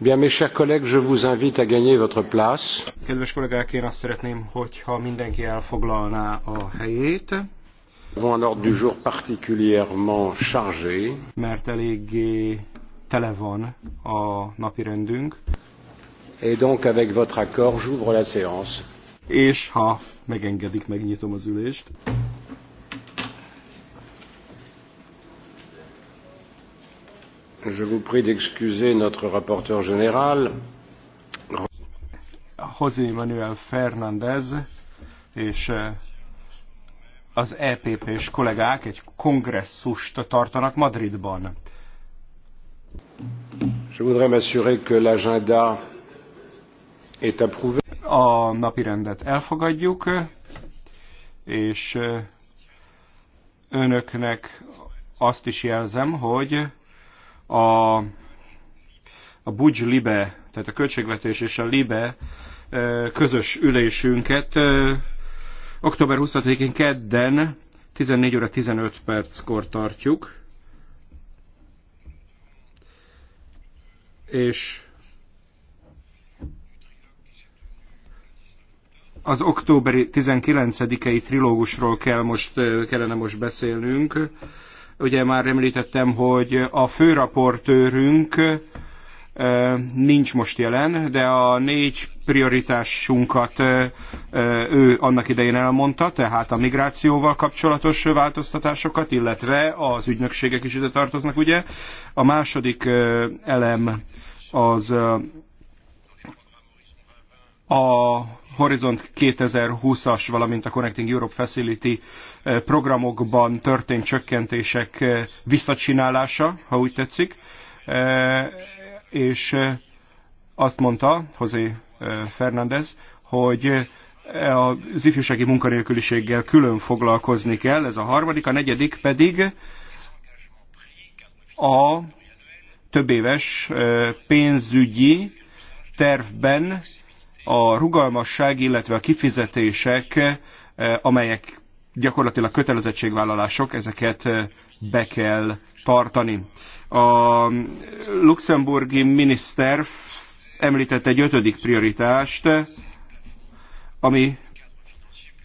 Bien, mes chers collègues, je vous invite à gagner votre place. Kedves kollégák, én azt szeretném, hogyha mindenki elfoglalná a helyét. un ordre du jour particulièrement chargé. Mert eléggé tele van a napirendünk. Et donc, avec votre accord, j'ouvre la séance. És ha megengedik, megnyitom az ülést. Je vous prie d'excuser notre rapporteur général. José Manuel Fernández és eh, az epp és kollégák egy kongresszust tartanak Madridban. Je voudrais m'assurer que l'agenda est approuvé. A napi rendet elfogadjuk, és eh, önöknek azt is jelzem, hogy a, a Budzs Libe, tehát a költségvetés és a Libe közös ülésünket október 20-én kedden 14 óra 15 perckor tartjuk. És az októberi 19-i trilógusról kell most, kellene most beszélnünk. Ugye már említettem, hogy a főraportőrünk nincs most jelen, de a négy prioritásunkat ő annak idején elmondta, tehát a migrációval kapcsolatos változtatásokat, illetve az ügynökségek is ide tartoznak, ugye. A második elem az a Horizont 2020-as, valamint a Connecting Europe Facility eh, programokban történt csökkentések eh, visszacsinálása, ha úgy tetszik, eh, és azt mondta José Fernández, hogy az ifjúsági munkanélküliséggel külön foglalkozni kell, ez a harmadik, a negyedik pedig a többéves pénzügyi tervben a rugalmasság, illetve a kifizetések, eh, amelyek gyakorlatilag kötelezettségvállalások, ezeket eh, be kell tartani. A luxemburgi miniszter említett egy ötödik prioritást, ami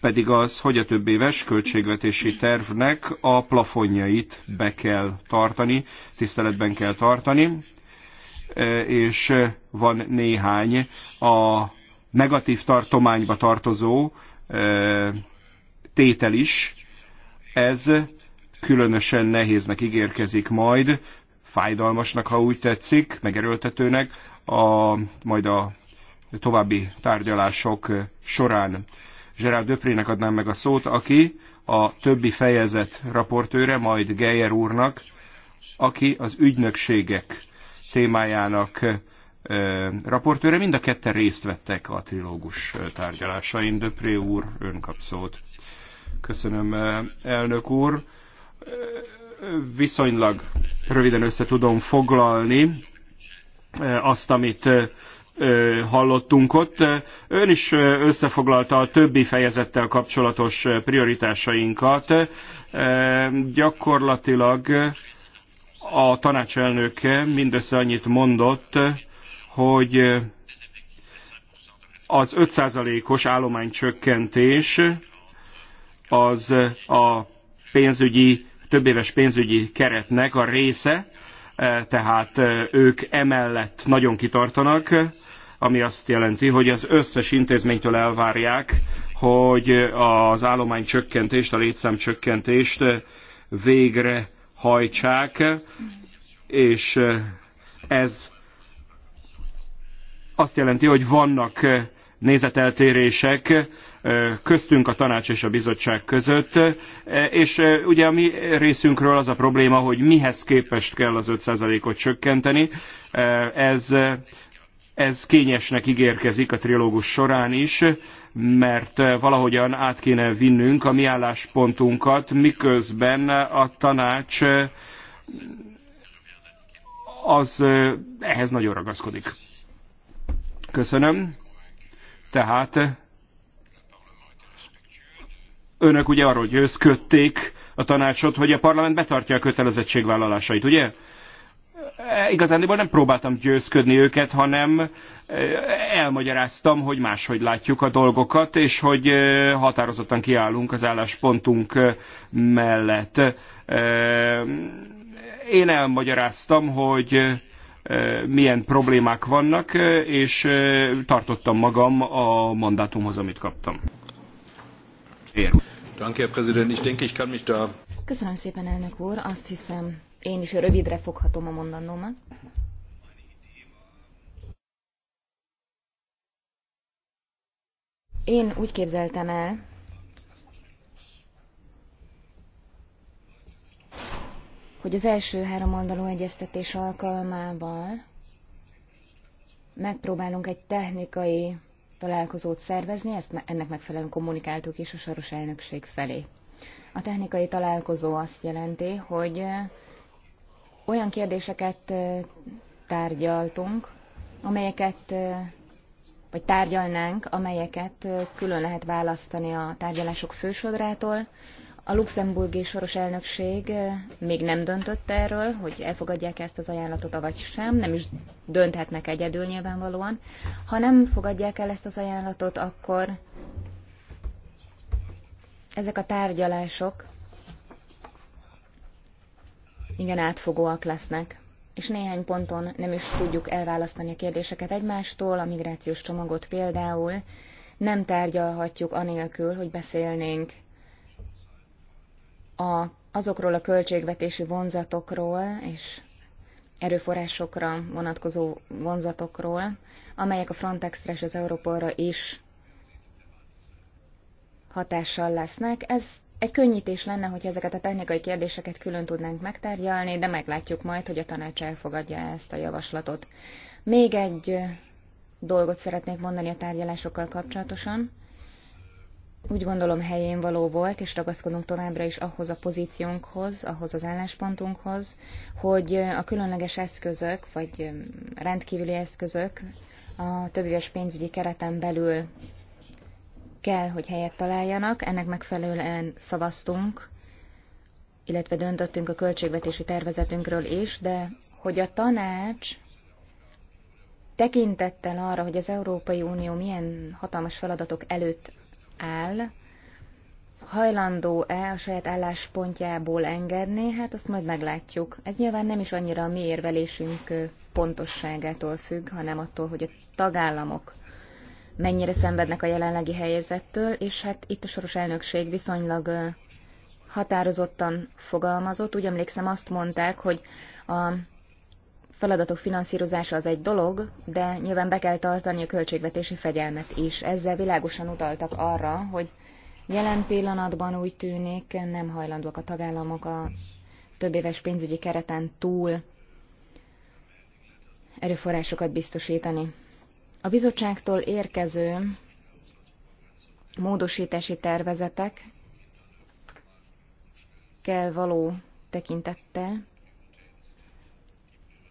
pedig az, hogy a több éves költségvetési tervnek a plafonjait be kell tartani, tiszteletben kell tartani, eh, és van néhány a negatív tartományba tartozó tétel is, ez különösen nehéznek ígérkezik majd, fájdalmasnak, ha úgy tetszik, megerőltetőnek, a, majd a további tárgyalások során. Gerard Döprének adnám meg a szót, aki a többi fejezet raportőre, majd Geyer úrnak, aki az ügynökségek témájának raportőre. Mind a ketten részt vettek a trilógus tárgyalásain. Döpré úr, ön kap szót. Köszönöm, elnök úr. Viszonylag röviden össze tudom foglalni azt, amit hallottunk ott. Ön is összefoglalta a többi fejezettel kapcsolatos prioritásainkat. Gyakorlatilag a tanácselnöke mindössze annyit mondott, hogy az 5%-os állománycsökkentés az a pénzügyi, többéves pénzügyi keretnek a része, tehát ők emellett nagyon kitartanak, ami azt jelenti, hogy az összes intézménytől elvárják, hogy az állománycsökkentést, a létszámcsökkentést végre hajtsák, és ez azt jelenti, hogy vannak nézeteltérések köztünk a tanács és a bizottság között, és ugye a mi részünkről az a probléma, hogy mihez képest kell az 5%-ot csökkenteni. Ez, ez kényesnek ígérkezik a trilógus során is, mert valahogyan át kéne vinnünk a mi álláspontunkat, miközben a tanács az ehhez nagyon ragaszkodik. Köszönöm. Tehát önök ugye arról győzködték a tanácsot, hogy a parlament betartja a kötelezettségvállalásait, ugye? E, igazándiból nem próbáltam győzködni őket, hanem e, elmagyaráztam, hogy máshogy látjuk a dolgokat, és hogy e, határozottan kiállunk az álláspontunk mellett. Én elmagyaráztam, hogy milyen problémák vannak, és tartottam magam a mandátumhoz, amit kaptam. Köszönöm szépen, elnök úr. Azt hiszem, én is rövidre foghatom a mondandómat. Én úgy képzeltem el, hogy az első három oldalú egyeztetés alkalmával megpróbálunk egy technikai találkozót szervezni, ezt ennek megfelelően kommunikáltuk is a soros elnökség felé. A technikai találkozó azt jelenti, hogy olyan kérdéseket tárgyaltunk, amelyeket, vagy tárgyalnánk, amelyeket külön lehet választani a tárgyalások fősodrától, a luxemburgi soros elnökség eh, még nem döntött erről, hogy elfogadják ezt az ajánlatot, vagy sem, nem is dönthetnek egyedül nyilvánvalóan. Ha nem fogadják el ezt az ajánlatot, akkor ezek a tárgyalások igen átfogóak lesznek, és néhány ponton nem is tudjuk elválasztani a kérdéseket egymástól, a migrációs csomagot például nem tárgyalhatjuk anélkül, hogy beszélnénk a, azokról a költségvetési vonzatokról és erőforrásokra vonatkozó vonzatokról, amelyek a Frontexre és az Európolra is hatással lesznek. Ez egy könnyítés lenne, hogy ezeket a technikai kérdéseket külön tudnánk megtárgyalni, de meglátjuk majd, hogy a tanács elfogadja ezt a javaslatot. Még egy dolgot szeretnék mondani a tárgyalásokkal kapcsolatosan úgy gondolom helyén való volt, és ragaszkodunk továbbra is ahhoz a pozíciónkhoz, ahhoz az álláspontunkhoz, hogy a különleges eszközök, vagy rendkívüli eszközök a többéves pénzügyi kereten belül kell, hogy helyet találjanak. Ennek megfelelően szavaztunk, illetve döntöttünk a költségvetési tervezetünkről is, de hogy a tanács tekintettel arra, hogy az Európai Unió milyen hatalmas feladatok előtt áll, hajlandó-e a saját álláspontjából engedni, hát azt majd meglátjuk. Ez nyilván nem is annyira a mi érvelésünk pontosságától függ, hanem attól, hogy a tagállamok mennyire szenvednek a jelenlegi helyzettől, és hát itt a soros elnökség viszonylag határozottan fogalmazott. Úgy emlékszem, azt mondták, hogy a feladatok finanszírozása az egy dolog, de nyilván be kell tartani a költségvetési fegyelmet is. Ezzel világosan utaltak arra, hogy jelen pillanatban úgy tűnik nem hajlandóak a tagállamok a több éves pénzügyi kereten túl erőforrásokat biztosítani. A bizottságtól érkező módosítási tervezetek kell való tekintettel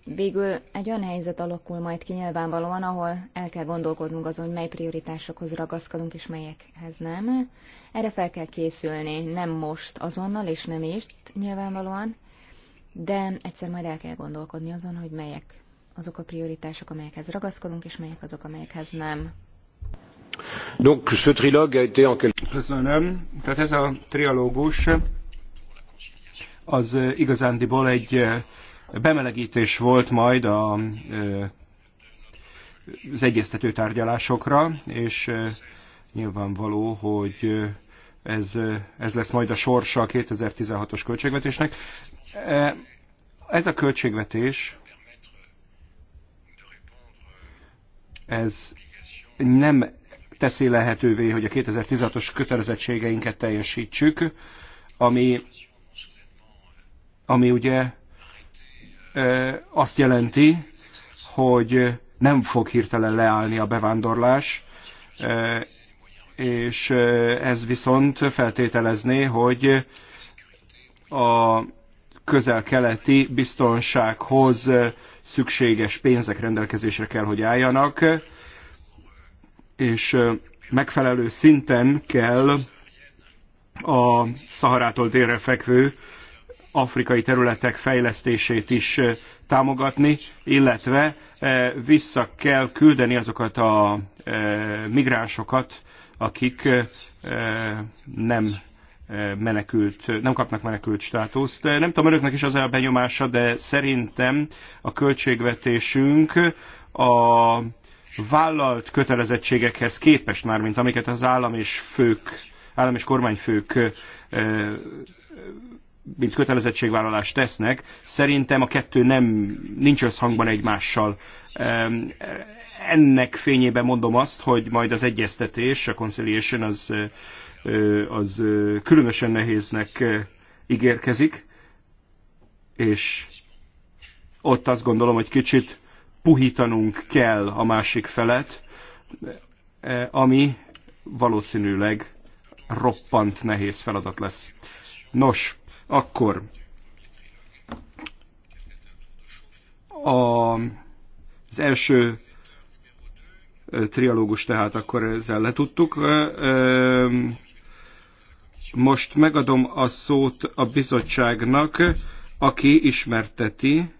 végül egy olyan helyzet alakul majd ki nyilvánvalóan, ahol el kell gondolkodnunk azon, hogy mely prioritásokhoz ragaszkodunk és melyekhez nem. Erre fel kell készülni, nem most azonnal és nem is nyilvánvalóan, de egyszer majd el kell gondolkodni azon, hogy melyek azok a prioritások, amelyekhez ragaszkodunk, és melyek azok, amelyekhez nem. Donc, ce trilogue a été en quel... Köszönöm. Tehát ez a trialógus az igazándiból egy bemelegítés volt majd a, az egyeztető tárgyalásokra, és nyilvánvaló, hogy ez, ez lesz majd a sorsa a 2016-os költségvetésnek. Ez a költségvetés, ez nem teszi lehetővé, hogy a 2016-os kötelezettségeinket teljesítsük, ami, ami ugye azt jelenti, hogy nem fog hirtelen leállni a bevándorlás, és ez viszont feltételezné, hogy a közel-keleti biztonsághoz szükséges pénzek rendelkezésre kell, hogy álljanak, és megfelelő szinten kell a Szaharától délre fekvő afrikai területek fejlesztését is támogatni, illetve vissza kell küldeni azokat a migránsokat, akik nem menekült, nem kapnak menekült státuszt. Nem tudom, önöknek is az a benyomása, de szerintem a költségvetésünk a vállalt kötelezettségekhez képest már, mint amiket az állam és fők, állam és kormányfők mint kötelezettségvállalás tesznek, szerintem a kettő nem nincs összhangban egymással. Ennek fényében mondom azt, hogy majd az egyeztetés, a conciliation az, az különösen nehéznek ígérkezik, és ott azt gondolom, hogy kicsit puhítanunk kell a másik felet, ami valószínűleg roppant nehéz feladat lesz. Nos, akkor a, az első trialógus, tehát akkor ezzel letudtuk. Most megadom a szót a bizottságnak, aki ismerteti.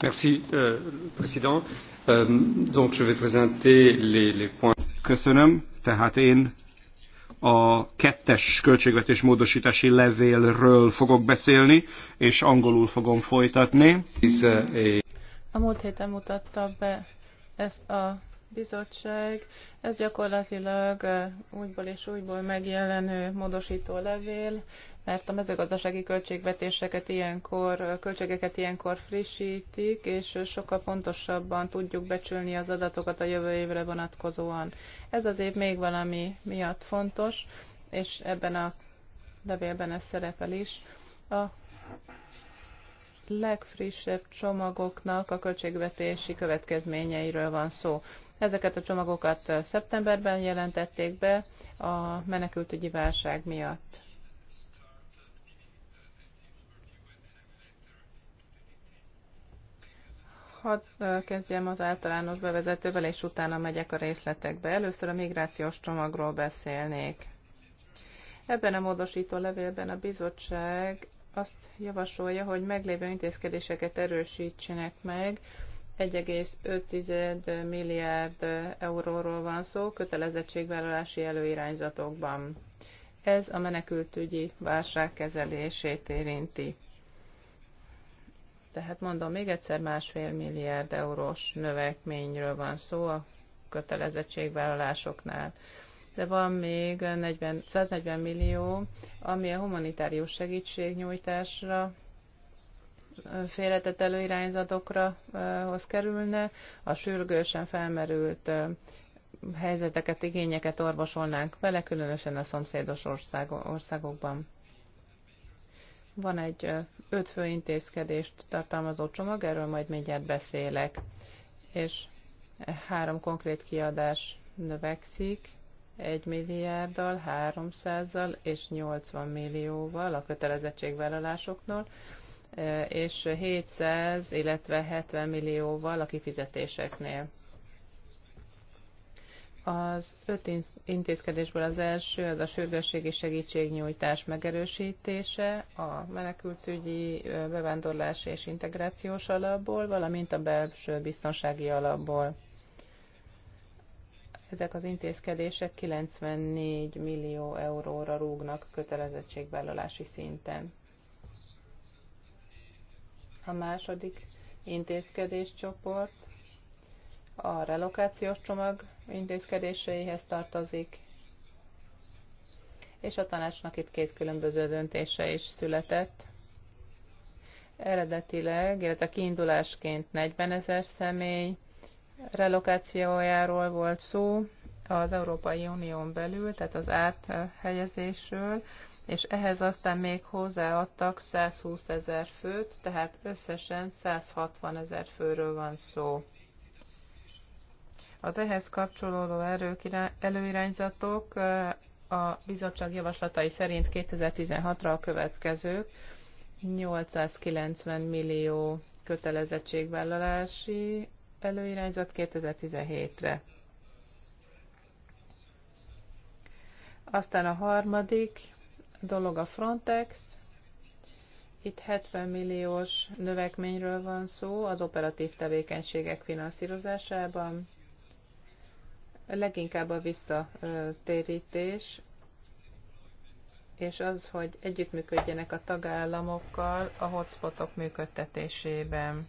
Merci, euh, président. Euh, donc je vais présenter les, les points. Köszönöm, tehát én a kettes költségvetés módosítási levélről fogok beszélni, és angolul fogom folytatni. A múlt héten mutatta be ezt a bizottság. Ez gyakorlatilag eh, újból és újból megjelenő módosító levél, mert a mezőgazdasági költségvetéseket ilyenkor, költségeket ilyenkor frissítik, és sokkal pontosabban tudjuk becsülni az adatokat a jövő évre vonatkozóan. Ez az év még valami miatt fontos, és ebben a levélben ez szerepel is. A legfrissebb csomagoknak a költségvetési következményeiről van szó. Ezeket a csomagokat szeptemberben jelentették be a menekültügyi válság miatt. Hadd kezdjem az általános bevezetővel, és utána megyek a részletekbe. Először a migrációs csomagról beszélnék. Ebben a módosító levélben a bizottság azt javasolja, hogy meglévő intézkedéseket erősítsenek meg. 1,5 milliárd euróról van szó kötelezettségvállalási előirányzatokban. Ez a menekültügyi válság kezelését érinti. Tehát mondom, még egyszer másfél milliárd eurós növekményről van szó a kötelezettségvállalásoknál. De van még 40, 140 millió, ami a humanitárius segítségnyújtásra félretett előirányzatokra hoz kerülne, a sürgősen felmerült helyzeteket, igényeket orvosolnánk vele, különösen a szomszédos országokban. Van egy öt fő intézkedést tartalmazó csomag, erről majd mindjárt beszélek. És három konkrét kiadás növekszik, 1 milliárddal, 300-zal és 80 millióval a kötelezettségvállalásoknál, és 700, illetve 70 millióval a kifizetéseknél. Az öt intézkedésből az első az a sürgősségi segítségnyújtás megerősítése, a menekültügyi bevándorlás és integrációs alapból, valamint a belső biztonsági alapból. Ezek az intézkedések 94 millió euróra rúgnak kötelezettségvállalási szinten. A második intézkedéscsoport a relokációs csomag intézkedéseihez tartozik, és a tanácsnak itt két különböző döntése is született. Eredetileg, illetve kiindulásként 40 ezer személy relokációjáról volt szó az Európai Unión belül, tehát az áthelyezésről, és ehhez aztán még hozzáadtak 120 ezer főt, tehát összesen 160 ezer főről van szó. Az ehhez kapcsolódó erők, előirányzatok a bizottság javaslatai szerint 2016-ra a következők 890 millió kötelezettségvállalási előirányzat 2017-re. Aztán a harmadik dolog a Frontex. Itt 70 milliós növekményről van szó az operatív tevékenységek finanszírozásában leginkább a visszatérítés, és az, hogy együttműködjenek a tagállamokkal a hotspotok működtetésében.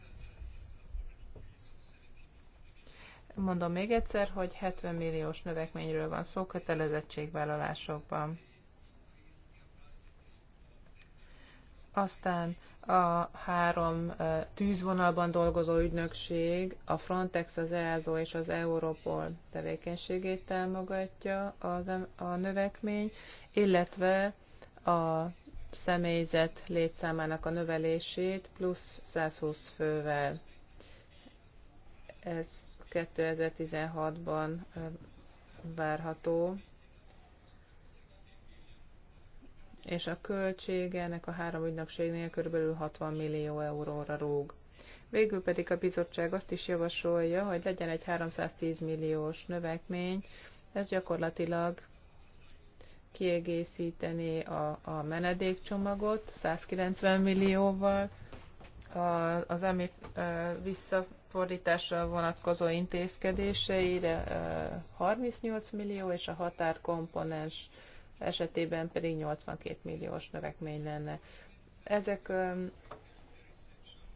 Mondom még egyszer, hogy 70 milliós növekményről van szó kötelezettségvállalásokban. Aztán a három tűzvonalban dolgozó ügynökség, a Frontex, az EASO és az Europol tevékenységét támogatja a növekmény, illetve a személyzet létszámának a növelését plusz 120 fővel. Ez 2016-ban várható és a költsége ennek a három ügynökségnél kb. 60 millió euróra rúg. Végül pedig a bizottság azt is javasolja, hogy legyen egy 310 milliós növekmény, ez gyakorlatilag kiegészíteni a, a menedékcsomagot 190 millióval, a, az e, visszafordításra vonatkozó intézkedéseire 38 millió, és a határkomponens esetében pedig 82 milliós növekmény lenne. Ezek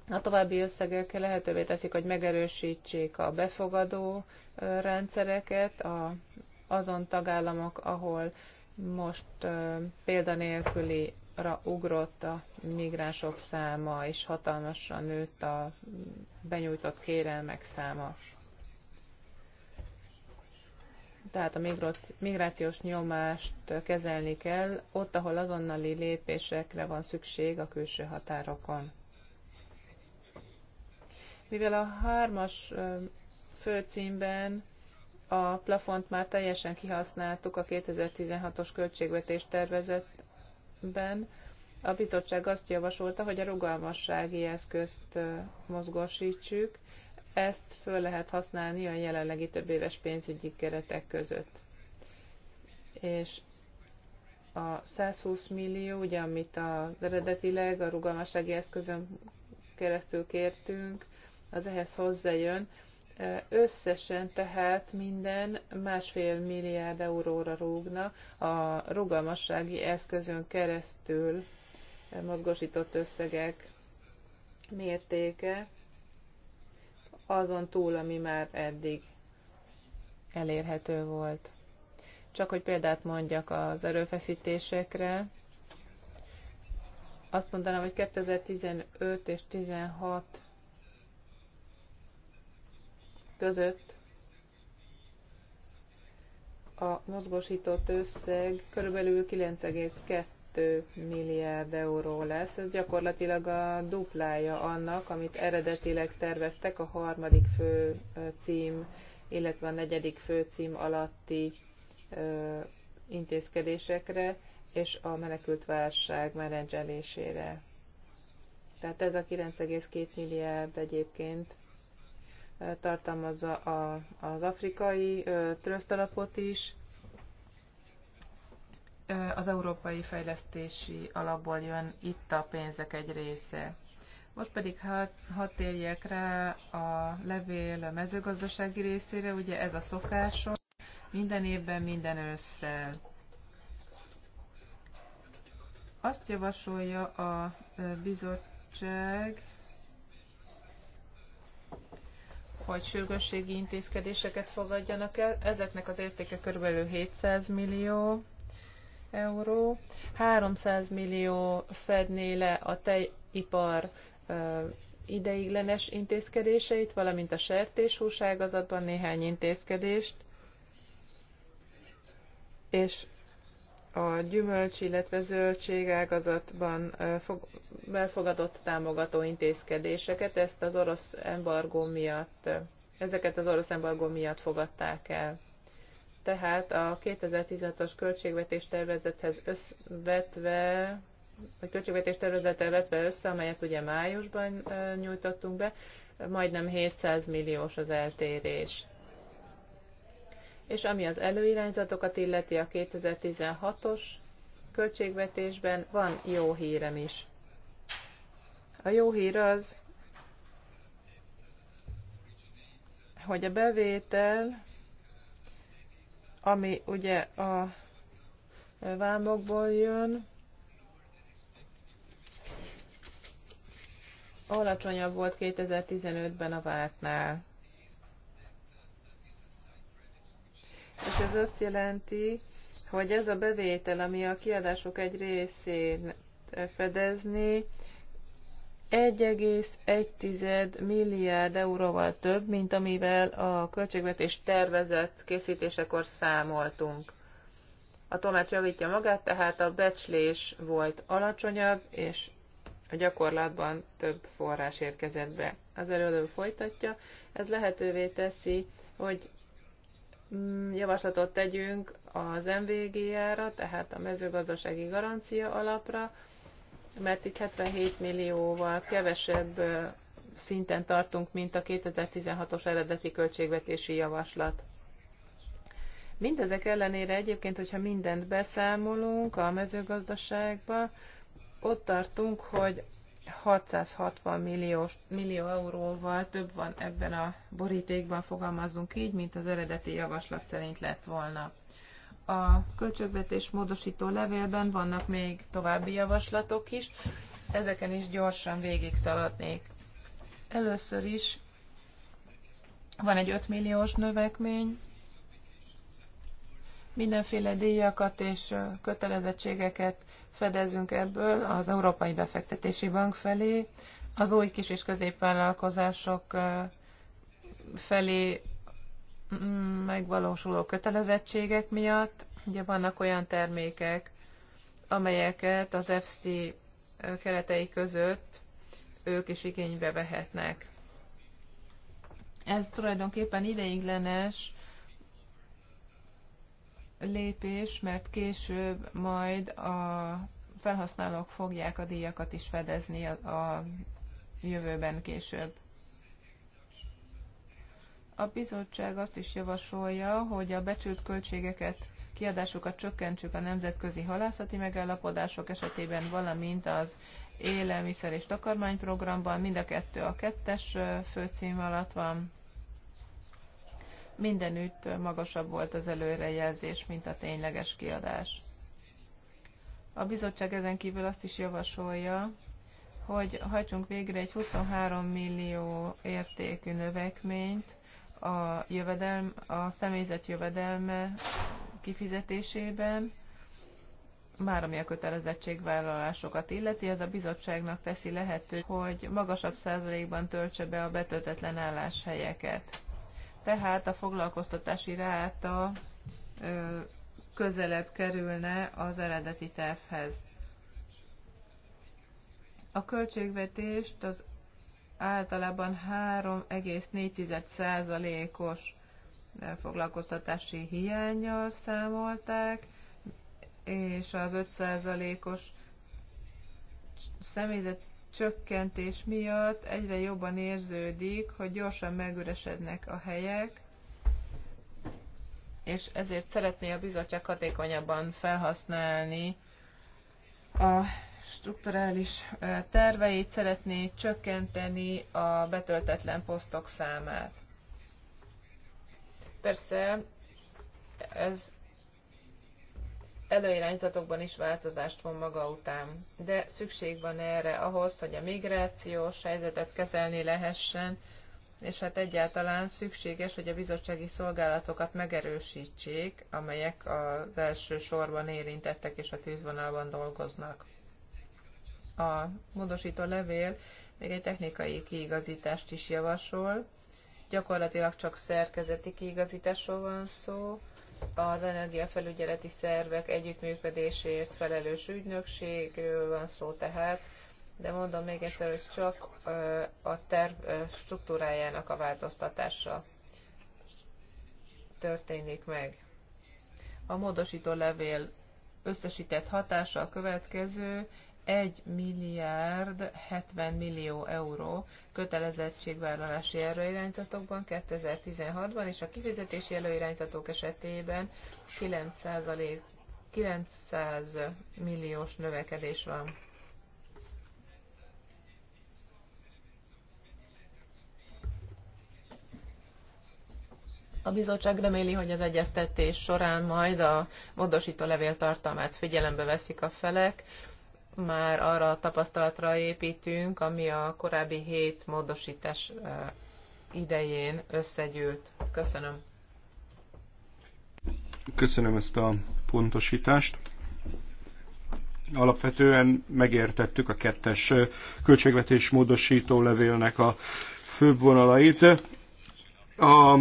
a további összegek lehetővé teszik, hogy megerősítsék a befogadó rendszereket, a, azon tagállamok, ahol most példanélküli ugrott a migránsok száma, és hatalmasan nőtt a benyújtott kérelmek száma tehát a migrációs nyomást kezelni kell ott, ahol azonnali lépésekre van szükség a külső határokon. Mivel a hármas főcímben a plafont már teljesen kihasználtuk a 2016-os költségvetés tervezetben, a bizottság azt javasolta, hogy a rugalmassági eszközt mozgósítsuk, ezt föl lehet használni a jelenlegi több éves pénzügyi keretek között. És a 120 millió, ugye, amit az eredetileg a rugalmassági eszközön keresztül kértünk, az ehhez hozzájön. Összesen tehát minden másfél milliárd euróra rúgna a rugalmassági eszközön keresztül mozgosított összegek mértéke azon túl, ami már eddig elérhető volt. Csak hogy példát mondjak az erőfeszítésekre, azt mondanám, hogy 2015 és 16 között a mozgósított összeg körülbelül 2 milliárd euró lesz. Ez gyakorlatilag a duplája annak, amit eredetileg terveztek a harmadik fő cím, illetve a negyedik fő cím alatti intézkedésekre és a menekült válság menedzselésére. Tehát ez a 9,2 milliárd egyébként tartalmazza a, az afrikai alapot is, az Európai Fejlesztési Alapból jön itt a pénzek egy része. Most pedig hat, térjek rá a levél a mezőgazdasági részére, ugye ez a szokásom, minden évben, minden ősszel. Azt javasolja a bizottság, hogy sürgősségi intézkedéseket fogadjanak el. Ezeknek az értéke körülbelül 700 millió, euró, 300 millió fedné le a tejipar ideiglenes intézkedéseit, valamint a sertéshús ágazatban néhány intézkedést, és a gyümölcs, illetve zöldség ágazatban befogadott támogató intézkedéseket, ezt az orosz embargó miatt, ezeket az orosz embargó miatt fogadták el tehát a 2016-os költségvetés tervezethez vetve a költségvetés tervezettel vetve össze, amelyet ugye májusban nyújtottunk be, majdnem 700 milliós az eltérés. És ami az előirányzatokat illeti a 2016-os költségvetésben, van jó hírem is. A jó hír az, hogy a bevétel ami ugye a vámokból jön, alacsonyabb volt 2015-ben a vártnál. És ez azt jelenti, hogy ez a bevétel, ami a kiadások egy részét fedezni, 1,1 milliárd euróval több, mint amivel a költségvetés tervezett készítésekor számoltunk. A tolmács javítja magát, tehát a becslés volt alacsonyabb, és a gyakorlatban több forrás érkezett be. Az előadó folytatja, ez lehetővé teszi, hogy mm, javaslatot tegyünk az mvg ra tehát a mezőgazdasági garancia alapra, mert itt 77 millióval kevesebb szinten tartunk, mint a 2016-os eredeti költségvetési javaslat. Mindezek ellenére egyébként, hogyha mindent beszámolunk a mezőgazdaságba, ott tartunk, hogy 660 millió, millió euróval több van ebben a borítékban, fogalmazunk így, mint az eredeti javaslat szerint lett volna a költségvetés módosító levélben vannak még további javaslatok is, ezeken is gyorsan végig szaladnék. Először is van egy 5 milliós növekmény, mindenféle díjakat és kötelezettségeket fedezünk ebből az Európai Befektetési Bank felé, az új kis és középvállalkozások felé megvalósuló kötelezettségek miatt, ugye vannak olyan termékek, amelyeket az FC keretei között ők is igénybe vehetnek. Ez tulajdonképpen ideiglenes lépés, mert később majd a felhasználók fogják a díjakat is fedezni a, a jövőben később. A bizottság azt is javasolja, hogy a becsült költségeket, kiadásokat csökkentsük a nemzetközi halászati megállapodások esetében, valamint az élelmiszer és takarmányprogramban, mind a kettő a kettes főcím alatt van. Mindenütt magasabb volt az előrejelzés, mint a tényleges kiadás. A bizottság ezen kívül azt is javasolja, hogy hajtsunk végre egy 23 millió értékű növekményt, a, jövedelm, a személyzet jövedelme kifizetésében, már ami a kötelezettségvállalásokat illeti, ez a bizottságnak teszi lehető, hogy magasabb százalékban töltse be a betöltetlen álláshelyeket. Tehát a foglalkoztatási ráta ö, közelebb kerülne az eredeti tervhez. A költségvetést az általában 3,4%-os eh, foglalkoztatási hiányjal számolták, és az 5%-os személyzet csökkentés miatt egyre jobban érződik, hogy gyorsan megüresednek a helyek, és ezért szeretné a bizottság hatékonyabban felhasználni a strukturális terveit szeretné csökkenteni a betöltetlen posztok számát. Persze ez előirányzatokban is változást von maga után, de szükség van erre ahhoz, hogy a migrációs helyzetet kezelni lehessen, és hát egyáltalán szükséges, hogy a bizottsági szolgálatokat megerősítsék, amelyek az első sorban érintettek és a tűzvonalban dolgoznak a módosító levél még egy technikai kiigazítást is javasol. Gyakorlatilag csak szerkezeti kiigazításról van szó. Az energiafelügyeleti szervek együttműködésért felelős ügynökségről van szó tehát, de mondom még egyszer, hogy csak a terv struktúrájának a változtatása történik meg. A módosító levél összesített hatása a következő, 1 milliárd 70 millió euró kötelezettségvállalási előirányzatokban 2016-ban, és a kifizetési előirányzatok esetében 9%, 900 milliós növekedés van. A bizottság reméli, hogy az egyeztetés során majd a módosító levél tartalmát figyelembe veszik a felek már arra a tapasztalatra építünk, ami a korábbi hét módosítás idején összegyűlt. Köszönöm. Köszönöm ezt a pontosítást. Alapvetően megértettük a kettes költségvetés módosító levélnek a főbb vonalait. A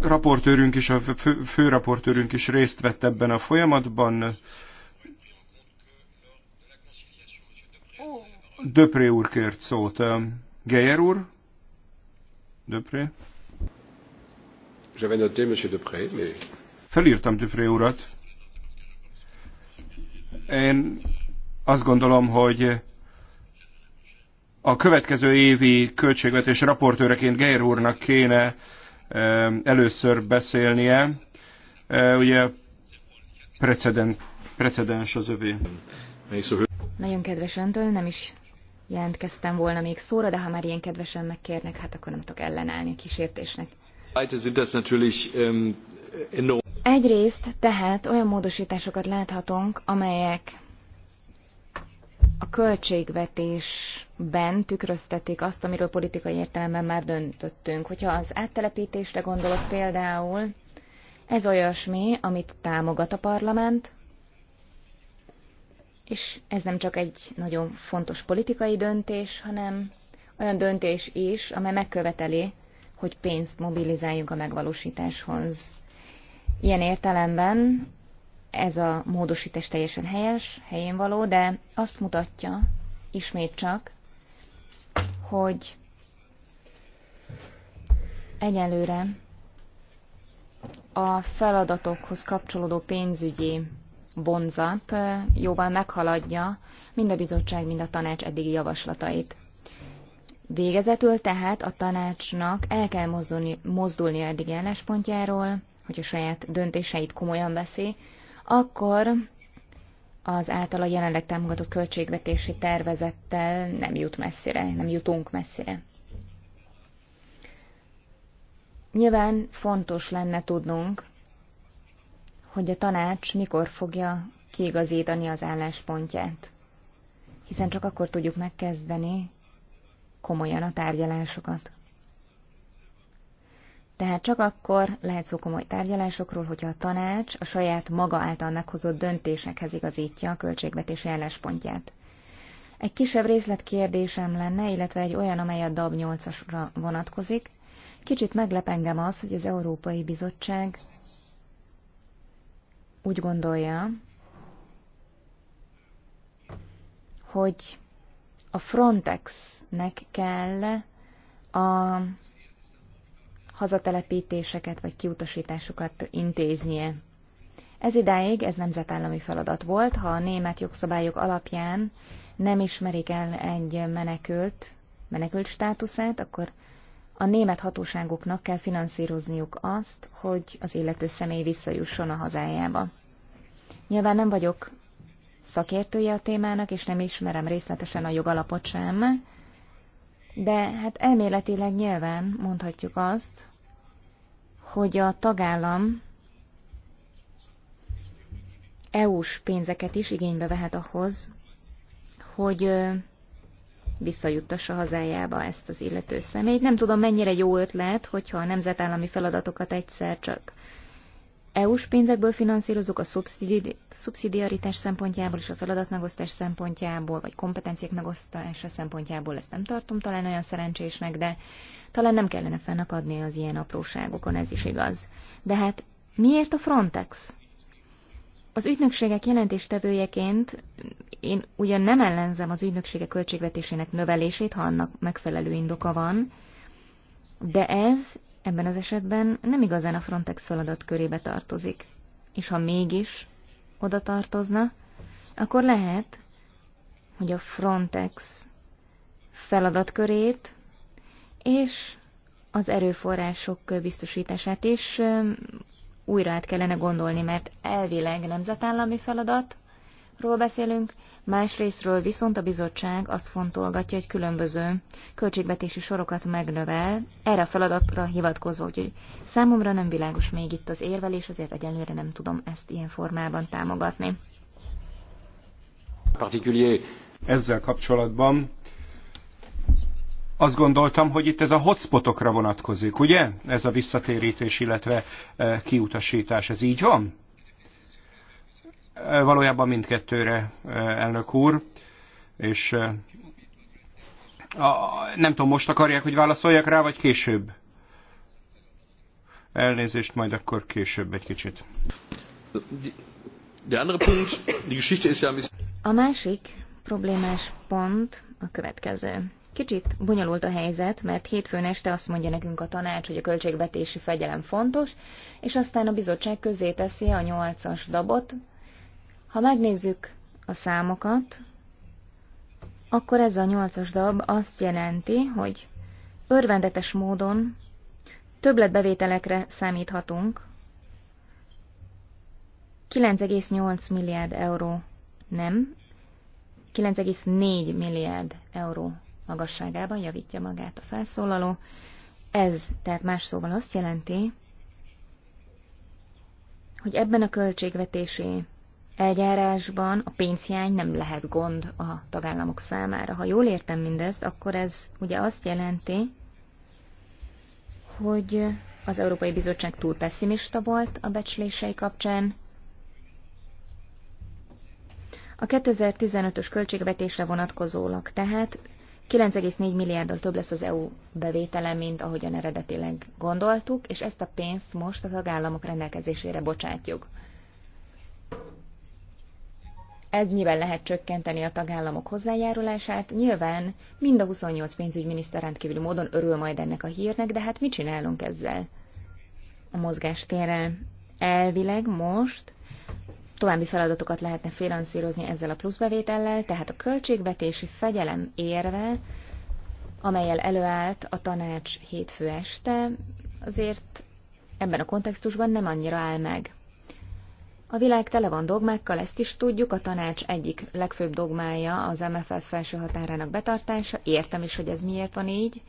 raportőrünk is, a fő, fő raportőrünk is részt vett ebben a folyamatban Döpré úr kért szót. Geyer úr? Döpré? J'avais noté Monsieur Döpré, mais... Felírtam Döpré urat. Én azt gondolom, hogy a következő évi költségvetés raportőreként Geyer úrnak kéne eh, először beszélnie. Eh, ugye precedens, precedens az övé. Nagyon kedves öntől, nem is jelentkeztem volna még szóra, de ha már ilyen kedvesen megkérnek, hát akkor nem tudok ellenállni a kísértésnek. Ähm, Egyrészt tehát olyan módosításokat láthatunk, amelyek a költségvetésben tükröztetik azt, amiről politikai értelemben már döntöttünk. Hogyha az áttelepítésre gondolok például, ez olyasmi, amit támogat a parlament, és ez nem csak egy nagyon fontos politikai döntés, hanem olyan döntés is, amely megköveteli, hogy pénzt mobilizáljunk a megvalósításhoz. Ilyen értelemben ez a módosítás teljesen helyes, helyén való, de azt mutatja ismét csak, hogy egyelőre a feladatokhoz kapcsolódó pénzügyi vonzat jóval meghaladja mind a bizottság, mind a tanács eddigi javaslatait. Végezetül tehát a tanácsnak el kell mozdulni, mozdulni eddigi álláspontjáról, hogy a saját döntéseit komolyan veszi, akkor az általa jelenleg támogatott költségvetési tervezettel nem jut messzire, nem jutunk messzire. Nyilván fontos lenne tudnunk, hogy a tanács mikor fogja kiigazítani az álláspontját, hiszen csak akkor tudjuk megkezdeni komolyan a tárgyalásokat. Tehát csak akkor lehet szó komoly tárgyalásokról, hogyha a tanács a saját maga által meghozott döntésekhez igazítja a költségvetési álláspontját. Egy kisebb részletkérdésem lenne, illetve egy olyan, amely a DAB 8-asra vonatkozik. Kicsit meglep engem az, hogy az Európai Bizottság úgy gondolja, hogy a Frontexnek kell a hazatelepítéseket vagy kiutasításokat intéznie. Ez idáig ez nemzetállami feladat volt, ha a német jogszabályok alapján nem ismerik el egy menekült, menekült státuszát, akkor a német hatóságoknak kell finanszírozniuk azt, hogy az illető személy visszajusson a hazájába. Nyilván nem vagyok szakértője a témának, és nem ismerem részletesen a jogalapot sem, de hát elméletileg nyilván mondhatjuk azt, hogy a tagállam EU-s pénzeket is igénybe vehet ahhoz, hogy visszajuttassa hazájába ezt az illető személyt. Nem tudom, mennyire jó ötlet, hogyha a nemzetállami feladatokat egyszer csak EU-s pénzekből finanszírozunk a szubszidiaritás szempontjából és a feladatmegosztás szempontjából, vagy kompetenciák megosztása szempontjából ezt nem tartom talán olyan szerencsésnek, de talán nem kellene fennakadni az ilyen apróságokon, ez is igaz. De hát miért a Frontex? Az ügynökségek jelentéstevőjeként én ugyan nem ellenzem az ügynöksége költségvetésének növelését, ha annak megfelelő indoka van, de ez ebben az esetben nem igazán a Frontex feladat körébe tartozik. És ha mégis oda tartozna, akkor lehet, hogy a Frontex feladatkörét és az erőforrások biztosítását is újra át kellene gondolni, mert elvileg nemzetállami feladatról beszélünk, másrésztről viszont a bizottság azt fontolgatja, hogy különböző költségvetési sorokat megnövel, erre a feladatra hivatkozva, úgyhogy számomra nem világos még itt az érvelés, azért egyelőre nem tudom ezt ilyen formában támogatni. Ezzel kapcsolatban azt gondoltam, hogy itt ez a hotspotokra vonatkozik, ugye? Ez a visszatérítés, illetve e, kiutasítás. Ez így van? E, valójában mindkettőre, e, elnök úr, és nem tudom, most akarják, hogy válaszoljak rá, vagy később? Elnézést, majd akkor később egy kicsit. A másik problémás pont a következő. Kicsit bonyolult a helyzet, mert hétfőn este azt mondja nekünk a tanács, hogy a költségvetési fegyelem fontos, és aztán a bizottság közé teszi a nyolcas dabot. Ha megnézzük a számokat, akkor ez a nyolcas dab azt jelenti, hogy örvendetes módon többletbevételekre számíthatunk, 9,8 milliárd euró nem, 9,4 milliárd euró magasságában javítja magát a felszólaló. Ez tehát más szóval azt jelenti, hogy ebben a költségvetési eljárásban a pénzhiány nem lehet gond a tagállamok számára. Ha jól értem mindezt, akkor ez ugye azt jelenti, hogy az Európai Bizottság túl pessimista volt a becslései kapcsán. A 2015-ös költségvetésre vonatkozólag tehát 9,4 milliárddal több lesz az EU bevétele, mint ahogyan eredetileg gondoltuk, és ezt a pénzt most a tagállamok rendelkezésére bocsátjuk. Ennyiben lehet csökkenteni a tagállamok hozzájárulását. Nyilván mind a 28 pénzügyminiszter rendkívül módon örül majd ennek a hírnek, de hát mit csinálunk ezzel? A mozgástérrel elvileg most további feladatokat lehetne finanszírozni ezzel a pluszbevétellel, tehát a költségvetési fegyelem érve, amelyel előállt a tanács hétfő este, azért ebben a kontextusban nem annyira áll meg. A világ tele van dogmákkal, ezt is tudjuk, a tanács egyik legfőbb dogmája az MFF felső határának betartása, értem is, hogy ez miért van így,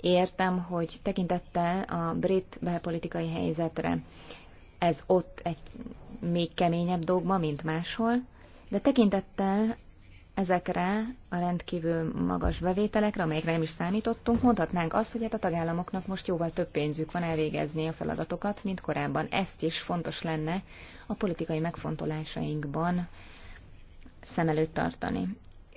értem, hogy tekintettel a brit belpolitikai helyzetre ez ott egy még keményebb dogma, mint máshol, de tekintettel ezekre a rendkívül magas bevételekre, amelyekre nem is számítottunk, mondhatnánk azt, hogy hát a tagállamoknak most jóval több pénzük van elvégezni a feladatokat, mint korábban. Ezt is fontos lenne a politikai megfontolásainkban szem előtt tartani.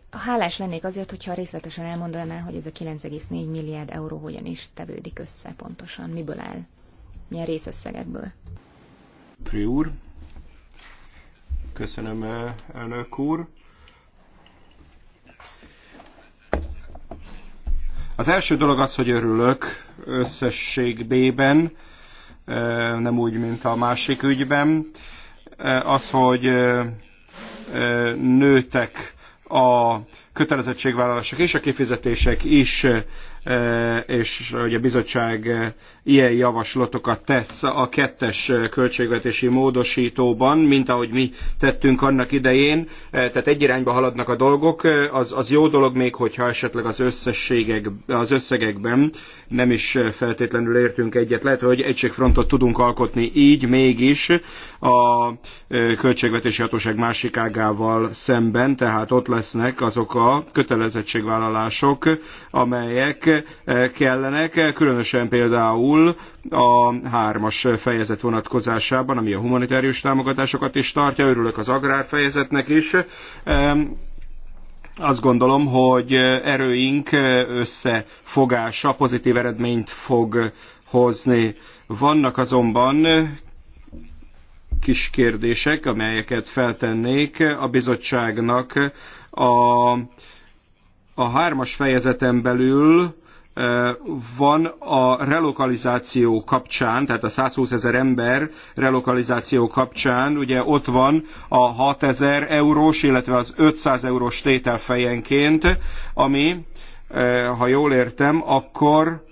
Hálás lennék azért, hogyha részletesen elmondaná, hogy ez a 9,4 milliárd euró hogyan is tevődik össze pontosan, miből áll, milyen részösszegekből. Pré úr. Köszönöm, eh, elnök úr. Az első dolog az, hogy örülök összességében, eh, nem úgy, mint a másik ügyben. Eh, az, hogy nőtek a kötelezettségvállalások és a kifizetések is E, és hogy a bizottság ilyen javaslatokat tesz a kettes költségvetési módosítóban, mint ahogy mi tettünk annak idején. E, tehát egy irányba haladnak a dolgok, e, az, az jó dolog még, hogyha esetleg az, összességek, az összegekben nem is feltétlenül értünk egyet. Lehet, hogy egységfrontot tudunk alkotni így mégis a költségvetési hatóság másik ágával szemben, tehát ott lesznek azok a kötelezettségvállalások, amelyek kellenek, különösen például a hármas fejezet vonatkozásában, ami a humanitárius támogatásokat is tartja, örülök az agrárfejezetnek is. Azt gondolom, hogy erőink összefogása pozitív eredményt fog hozni. Vannak azonban kis kérdések, amelyeket feltennék a bizottságnak a, a hármas fejezeten belül van a relokalizáció kapcsán, tehát a 120 ezer ember relokalizáció kapcsán, ugye ott van a 6 ezer eurós, illetve az 500 eurós tétel fejenként, ami, ha jól értem, akkor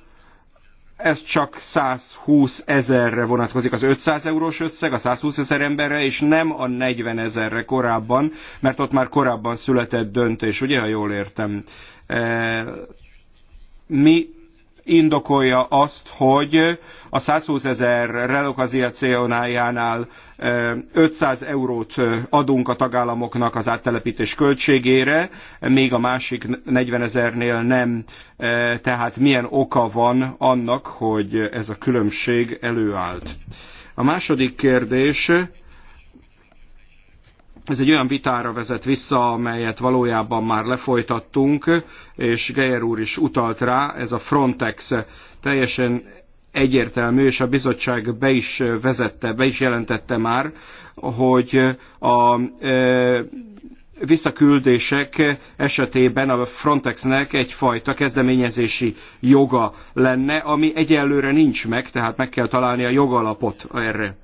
ez csak 120 ezerre vonatkozik az 500 eurós összeg, a 120 ezer emberre, és nem a 40 ezerre korábban, mert ott már korábban született döntés, ugye, ha jól értem mi indokolja azt, hogy a 120 ezer relokazációnájánál 500 eh, eurót eh, adunk a tagállamoknak az áttelepítés költségére, még a másik 40 ezernél nem. Eh, tehát milyen oka van annak, hogy ez a különbség előállt? A második kérdés ez egy olyan vitára vezet vissza, amelyet valójában már lefolytattunk, és Geyer úr is utalt rá, ez a Frontex teljesen egyértelmű, és a bizottság be is vezette, be is jelentette már, hogy a e, visszaküldések esetében a Frontexnek egyfajta kezdeményezési joga lenne, ami egyelőre nincs meg, tehát meg kell találni a jogalapot erre.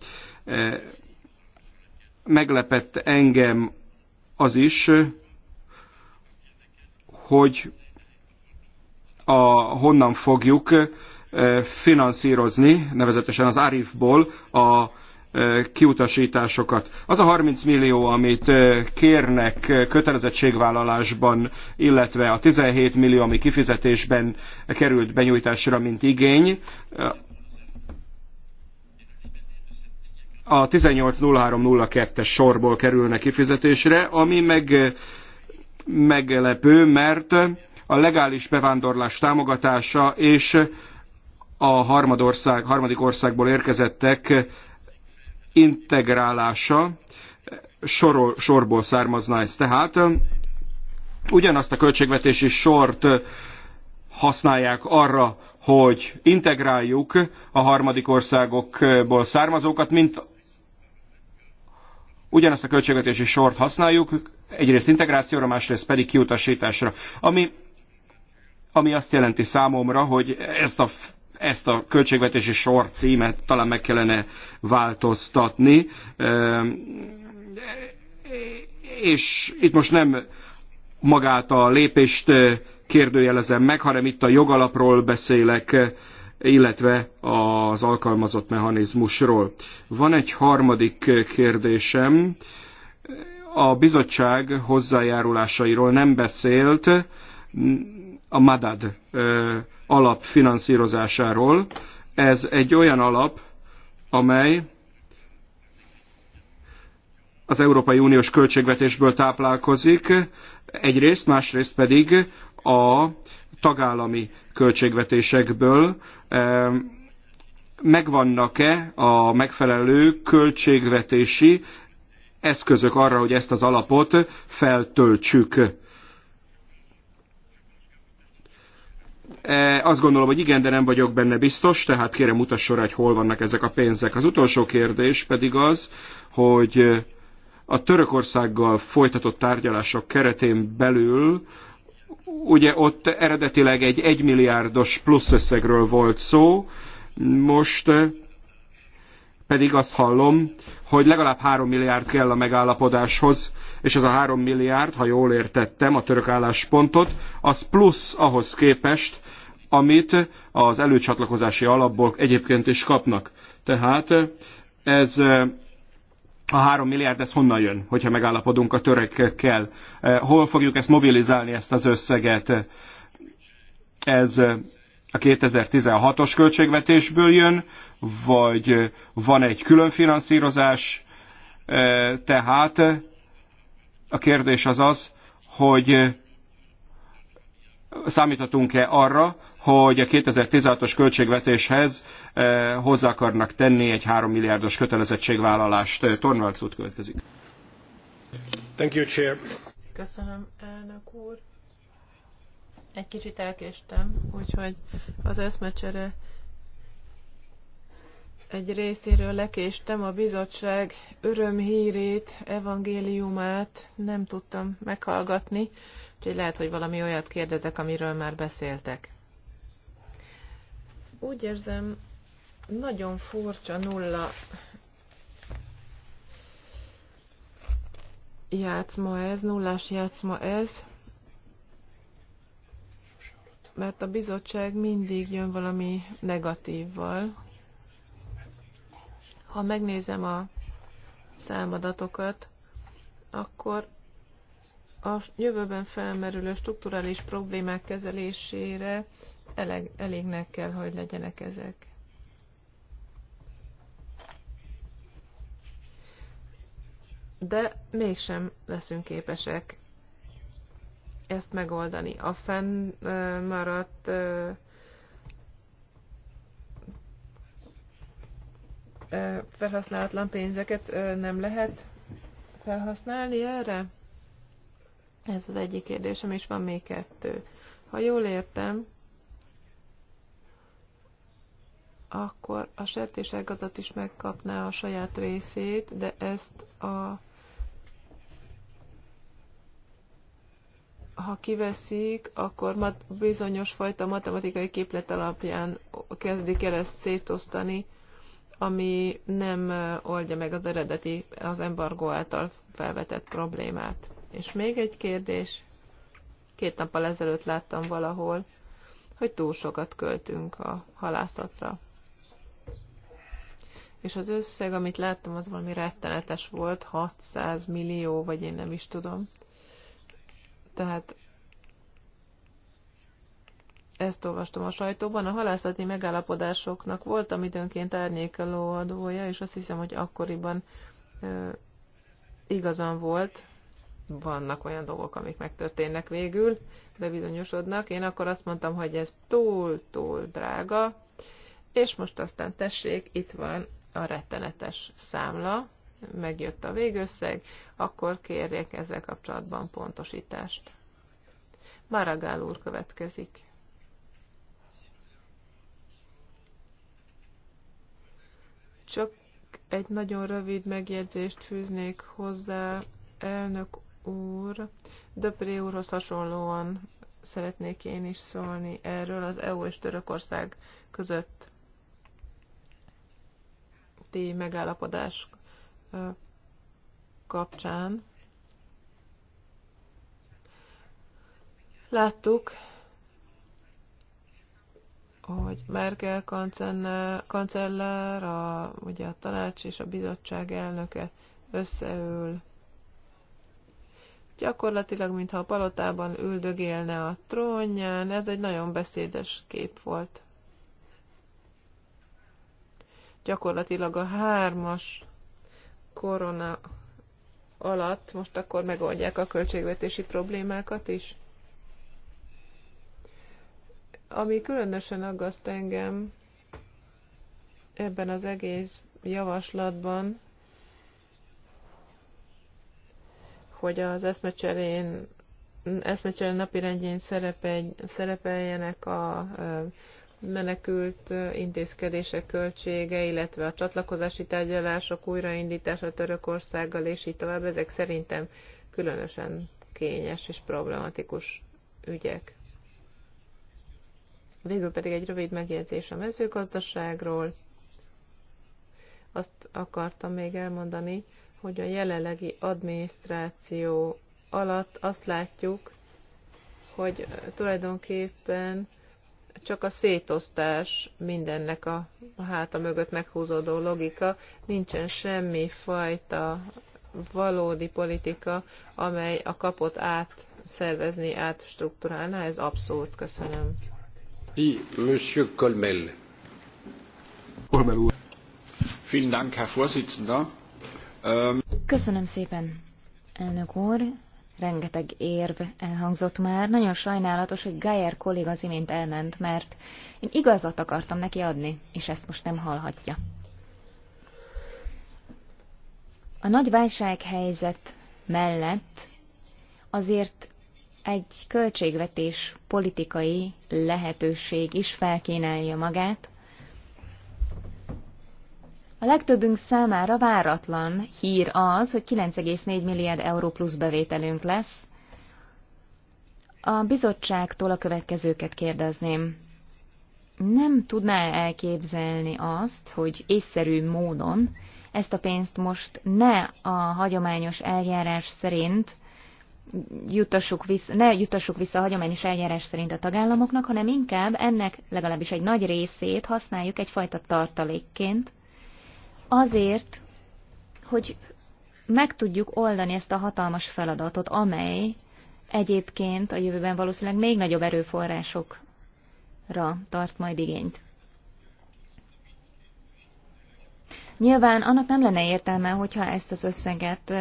E, meglepett engem az is, hogy a, honnan fogjuk eh, finanszírozni, nevezetesen az Arifból a eh, kiutasításokat. Az a 30 millió, amit eh, kérnek kötelezettségvállalásban, illetve a 17 millió, ami kifizetésben került benyújtásra, mint igény, a 18.03.02-es sorból kerülne kifizetésre, ami meg meglepő, mert a legális bevándorlás támogatása és a harmadország, harmadik országból érkezettek integrálása sorol, sorból származna ez. Tehát ugyanazt a költségvetési sort használják arra, hogy integráljuk a harmadik országokból származókat, mint ugyanazt a költségvetési sort használjuk, egyrészt integrációra, másrészt pedig kiutasításra. Ami, ami azt jelenti számomra, hogy ezt a ezt a költségvetési sor címet talán meg kellene változtatni. Ehm, és itt most nem magát a lépést eh, kérdőjelezem meg, hanem itt a jogalapról beszélek, illetve az alkalmazott mechanizmusról. Van egy harmadik kérdésem. A bizottság hozzájárulásairól nem beszélt a MADAD alap finanszírozásáról. Ez egy olyan alap, amely az Európai Uniós költségvetésből táplálkozik, egyrészt, másrészt pedig a tagállami költségvetésekből megvannak-e a megfelelő költségvetési eszközök arra, hogy ezt az alapot feltöltsük. E, azt gondolom, hogy igen, de nem vagyok benne biztos, tehát kérem mutasson hogy hol vannak ezek a pénzek. Az utolsó kérdés pedig az, hogy a Törökországgal folytatott tárgyalások keretén belül ugye ott eredetileg egy egymilliárdos milliárdos plusz összegről volt szó, most eh, pedig azt hallom, hogy legalább 3 milliárd kell a megállapodáshoz, és ez a 3 milliárd, ha jól értettem a török álláspontot, az plusz ahhoz képest, amit az előcsatlakozási alapból egyébként is kapnak. Tehát eh, ez eh, a három milliárd ez honnan jön, hogyha megállapodunk a törökkel? Eh, hol fogjuk ezt mobilizálni, ezt az összeget? Ez eh, a 2016-os költségvetésből jön, vagy eh, van egy külön finanszírozás? Tehát a kérdés az az, hogy számíthatunk-e arra, hogy a 2016-os költségvetéshez eh, hozzá akarnak tenni egy 3 milliárdos kötelezettségvállalást. Eh, Tornvalc út következik. Thank you, Chair. Köszönöm, elnök úr. Egy kicsit elkéstem, úgyhogy az eszmecsere egy részéről lekéstem a bizottság örömhírét, evangéliumát nem tudtam meghallgatni. Úgyhogy lehet, hogy valami olyat kérdezek, amiről már beszéltek. Úgy érzem, nagyon furcsa nulla játszma ez, nullás játszma ez, mert a bizottság mindig jön valami negatívval. Ha megnézem a számadatokat, akkor a jövőben felmerülő strukturális problémák kezelésére eleg, elégnek kell, hogy legyenek ezek. De mégsem leszünk képesek ezt megoldani. A fennmaradt felhasználatlan pénzeket nem lehet felhasználni erre? Ez az egyik kérdésem, és van még kettő. Ha jól értem, akkor a ágazat is megkapná a saját részét, de ezt a ha kiveszik, akkor mat, bizonyos fajta matematikai képlet alapján kezdik el ezt szétosztani, ami nem oldja meg az eredeti, az embargó által felvetett problémát. És még egy kérdés. Két nappal ezelőtt láttam valahol, hogy túl sokat költünk a halászatra. És az összeg, amit láttam, az valami rettenetes volt, 600 millió, vagy én nem is tudom. Tehát ezt olvastam a sajtóban, a halászati megállapodásoknak voltam időnként árnyékeló adója, és azt hiszem, hogy akkoriban e, igazam volt, vannak olyan dolgok, amik megtörténnek végül, bebizonyosodnak. Én akkor azt mondtam, hogy ez túl-túl drága, és most aztán tessék, itt van a rettenetes számla, megjött a végösszeg, akkor kérjek ezzel kapcsolatban pontosítást. Maragál úr következik. Csak egy nagyon rövid megjegyzést fűznék hozzá, elnök úr. Döpré úrhoz hasonlóan szeretnék én is szólni erről az EU és Törökország között ti megállapodás kapcsán. Láttuk, hogy Merkel kancellár, a, ugye a tanács és a bizottság elnöke összeül gyakorlatilag, mintha a palotában üldögélne a trónján, ez egy nagyon beszédes kép volt. Gyakorlatilag a hármas korona alatt most akkor megoldják a költségvetési problémákat is. Ami különösen aggaszt engem ebben az egész javaslatban, hogy az eszmecserén, eszmecserén napirendjén szerepelj, szerepeljenek a menekült intézkedések költsége, illetve a csatlakozási tárgyalások újraindítása Törökországgal, és így tovább, ezek szerintem különösen kényes és problematikus ügyek. Végül pedig egy rövid megjegyzés a mezőgazdaságról. Azt akartam még elmondani, hogy a jelenlegi adminisztráció alatt azt látjuk, hogy tulajdonképpen csak a szétosztás mindennek a háta mögött meghúzódó logika, nincsen semmi fajta valódi politika, amely a kapot át átstruktúrálna. Ez abszurd. Köszönöm. Si, Monsieur Colmel. Colmel úr. Vielen Dank, Herr Vorsitzender. Um, Köszönöm szépen, elnök úr. Rengeteg érv elhangzott már. Nagyon sajnálatos, hogy Gayer kolléga az imént elment, mert én igazat akartam neki adni, és ezt most nem hallhatja. A nagy válsághelyzet mellett azért egy költségvetés politikai lehetőség is felkínálja magát, a legtöbbünk számára váratlan hír az, hogy 9,4 milliárd euró plusz bevételünk lesz. A bizottságtól a következőket kérdezném. Nem tudná elképzelni azt, hogy észszerű módon ezt a pénzt most ne a hagyományos eljárás szerint jutassuk vissza, ne jutassuk vissza a hagyományos eljárás szerint a tagállamoknak, hanem inkább ennek legalábbis egy nagy részét használjuk egyfajta tartalékként, azért, hogy meg tudjuk oldani ezt a hatalmas feladatot, amely egyébként a jövőben valószínűleg még nagyobb erőforrásokra tart majd igényt. Nyilván annak nem lenne értelme, hogyha ezt az összeget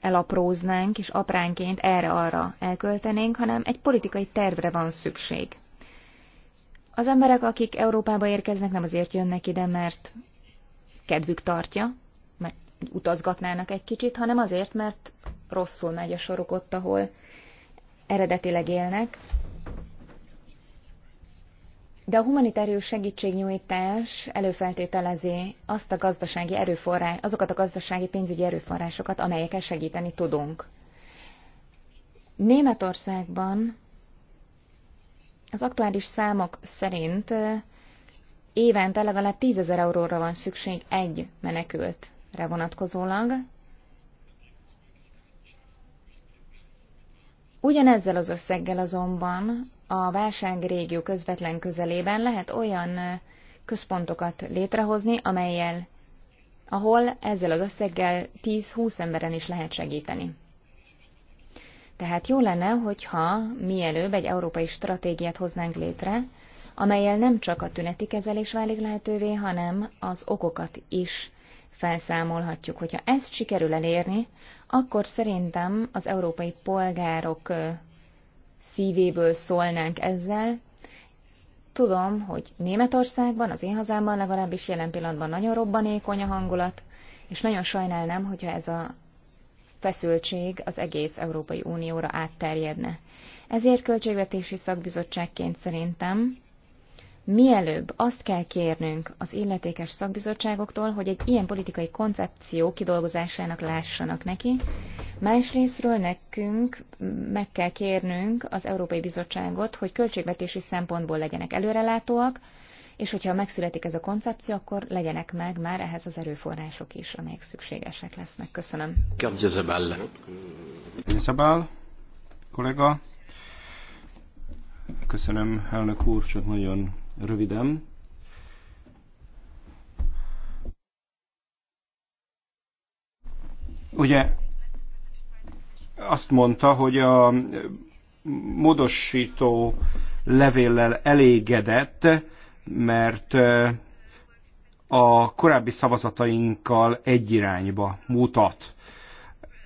elapróznánk, és apránként erre-arra elköltenénk, hanem egy politikai tervre van szükség. Az emberek, akik Európába érkeznek, nem azért jönnek ide, mert kedvük tartja, mert utazgatnának egy kicsit, hanem azért, mert rosszul megy a sorok ott, ahol eredetileg élnek. De a humanitárius segítségnyújtás előfeltételezi azt a gazdasági erőforrás, azokat a gazdasági pénzügyi erőforrásokat, amelyeket segíteni tudunk. Németországban az aktuális számok szerint évente legalább 10 ezer euróra van szükség egy menekültre vonatkozólag. Ugyanezzel az összeggel azonban a régió közvetlen közelében lehet olyan központokat létrehozni, amelyel, ahol ezzel az összeggel 10-20 emberen is lehet segíteni. Tehát jó lenne, hogyha mielőbb egy európai stratégiát hoznánk létre, amelyel nem csak a tüneti kezelés válik lehetővé, hanem az okokat is felszámolhatjuk. Hogyha ezt sikerül elérni, akkor szerintem az európai polgárok szívéből szólnánk ezzel. Tudom, hogy Németországban, az én hazámban legalábbis jelen pillanatban nagyon robbanékony a hangulat, és nagyon sajnálnám, hogyha ez a feszültség az egész Európai Unióra átterjedne. Ezért költségvetési szakbizottságként szerintem mielőbb azt kell kérnünk az illetékes szakbizottságoktól, hogy egy ilyen politikai koncepció kidolgozásának lássanak neki, másrésztről nekünk meg kell kérnünk az Európai Bizottságot, hogy költségvetési szempontból legyenek előrelátóak, és hogyha megszületik ez a koncepció, akkor legyenek meg már ehhez az erőforrások is, amelyek szükségesek lesznek. Köszönöm. Isabel. kollega. Köszönöm, elnök úr, csak nagyon röviden. Ugye azt mondta, hogy a módosító levéllel elégedett, mert a korábbi szavazatainkkal egy irányba mutat.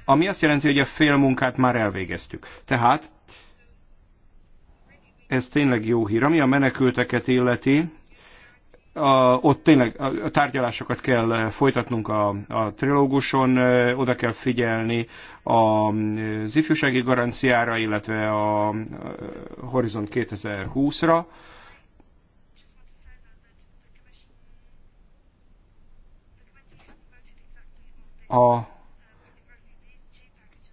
Ami azt jelenti, hogy a fél munkát már elvégeztük. Tehát ez tényleg jó hír. Ami a menekülteket illeti, a, ott tényleg a, tárgyalásokat kell folytatnunk a, a trilóguson, oda kell figyelni a, az ifjúsági garanciára, illetve a, a Horizon 2020-ra. A,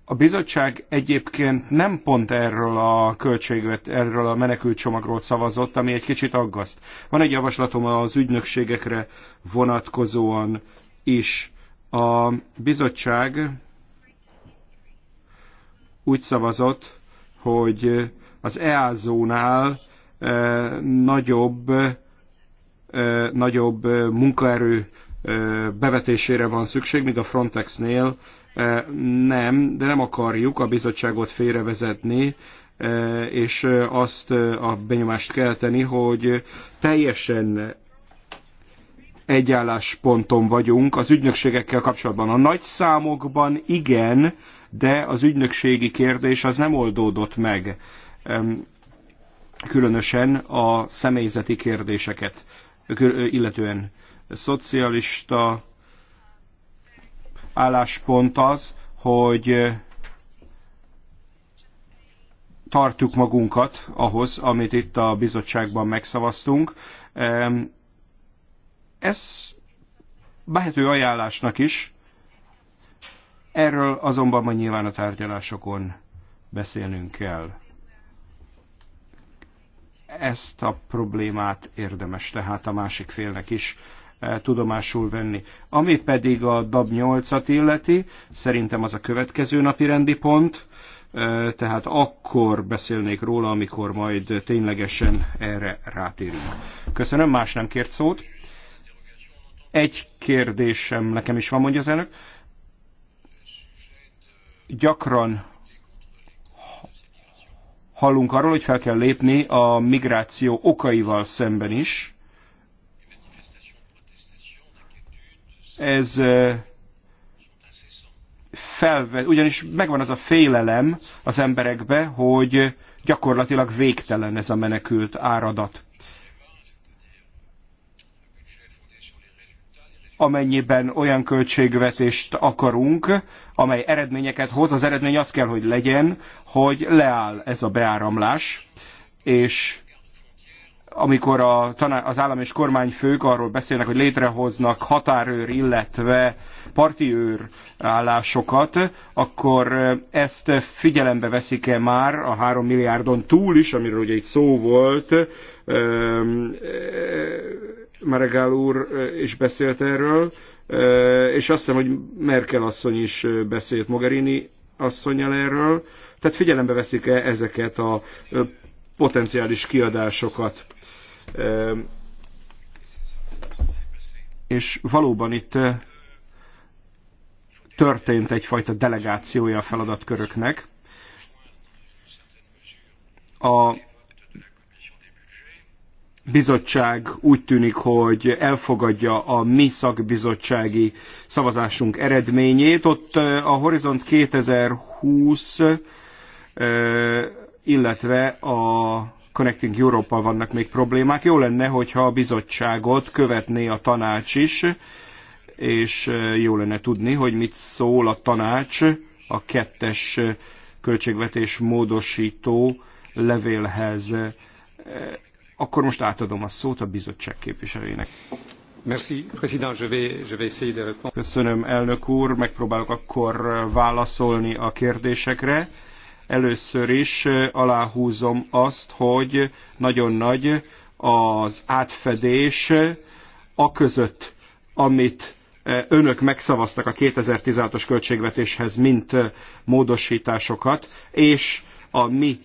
a bizottság egyébként nem pont erről a költségvet, erről a menekültcsomagról szavazott, ami egy kicsit aggaszt. Van egy javaslatom az ügynökségekre vonatkozóan is. A bizottság úgy szavazott, hogy az EASO-nál eh, nagyobb, eh, nagyobb eh, munkaerő bevetésére van szükség, míg a Frontexnél nem, de nem akarjuk a bizottságot félrevezetni, és azt a benyomást kelteni, hogy teljesen egyállásponton vagyunk az ügynökségekkel kapcsolatban. A nagy számokban igen, de az ügynökségi kérdés az nem oldódott meg, különösen a személyzeti kérdéseket illetően szocialista álláspont az, hogy eh, tartjuk magunkat ahhoz, amit itt a bizottságban megszavaztunk. Ez behető ajánlásnak is, erről azonban majd nyilván a tárgyalásokon beszélnünk kell. Ezt a problémát érdemes tehát a másik félnek is E, tudomásul venni. Ami pedig a DAB 8-at illeti, szerintem az a következő napi rendi pont, e, tehát akkor beszélnék róla, amikor majd ténylegesen erre rátérünk. Köszönöm, más nem kért szót. Egy kérdésem nekem is van, mondja az elnök. Gyakran hallunk arról, hogy fel kell lépni a migráció okaival szemben is, ez felve, ugyanis megvan az a félelem az emberekbe, hogy gyakorlatilag végtelen ez a menekült áradat. amennyiben olyan költségvetést akarunk, amely eredményeket hoz, az eredmény az kell, hogy legyen, hogy leáll ez a beáramlás, és amikor a, az állam és kormányfők arról beszélnek, hogy létrehoznak határőr, illetve partiőr állásokat, akkor ezt figyelembe veszik-e már a három milliárdon túl is, amiről ugye itt szó volt, Maregál úr is beszélt erről, és azt hiszem, hogy Merkel asszony is beszélt Mogherini asszonyjal erről, tehát figyelembe veszik-e ezeket a potenciális kiadásokat. És valóban itt történt egyfajta delegációja a feladatköröknek. A bizottság úgy tűnik, hogy elfogadja a mi szakbizottsági szavazásunk eredményét. Ott a Horizont 2020, illetve a Connecting europe vannak még problémák. Jó lenne, hogyha a bizottságot követné a tanács is, és jó lenne tudni, hogy mit szól a tanács a kettes költségvetés módosító levélhez. Akkor most átadom a szót a bizottság képviselőjének. Merci, président. Je vais, je vais essayer de répondre. Köszönöm, elnök úr. Megpróbálok akkor válaszolni a kérdésekre Először is aláhúzom azt, hogy nagyon nagy az átfedés a között, amit önök megszavaztak a 2016-os költségvetéshez, mint módosításokat, és a mi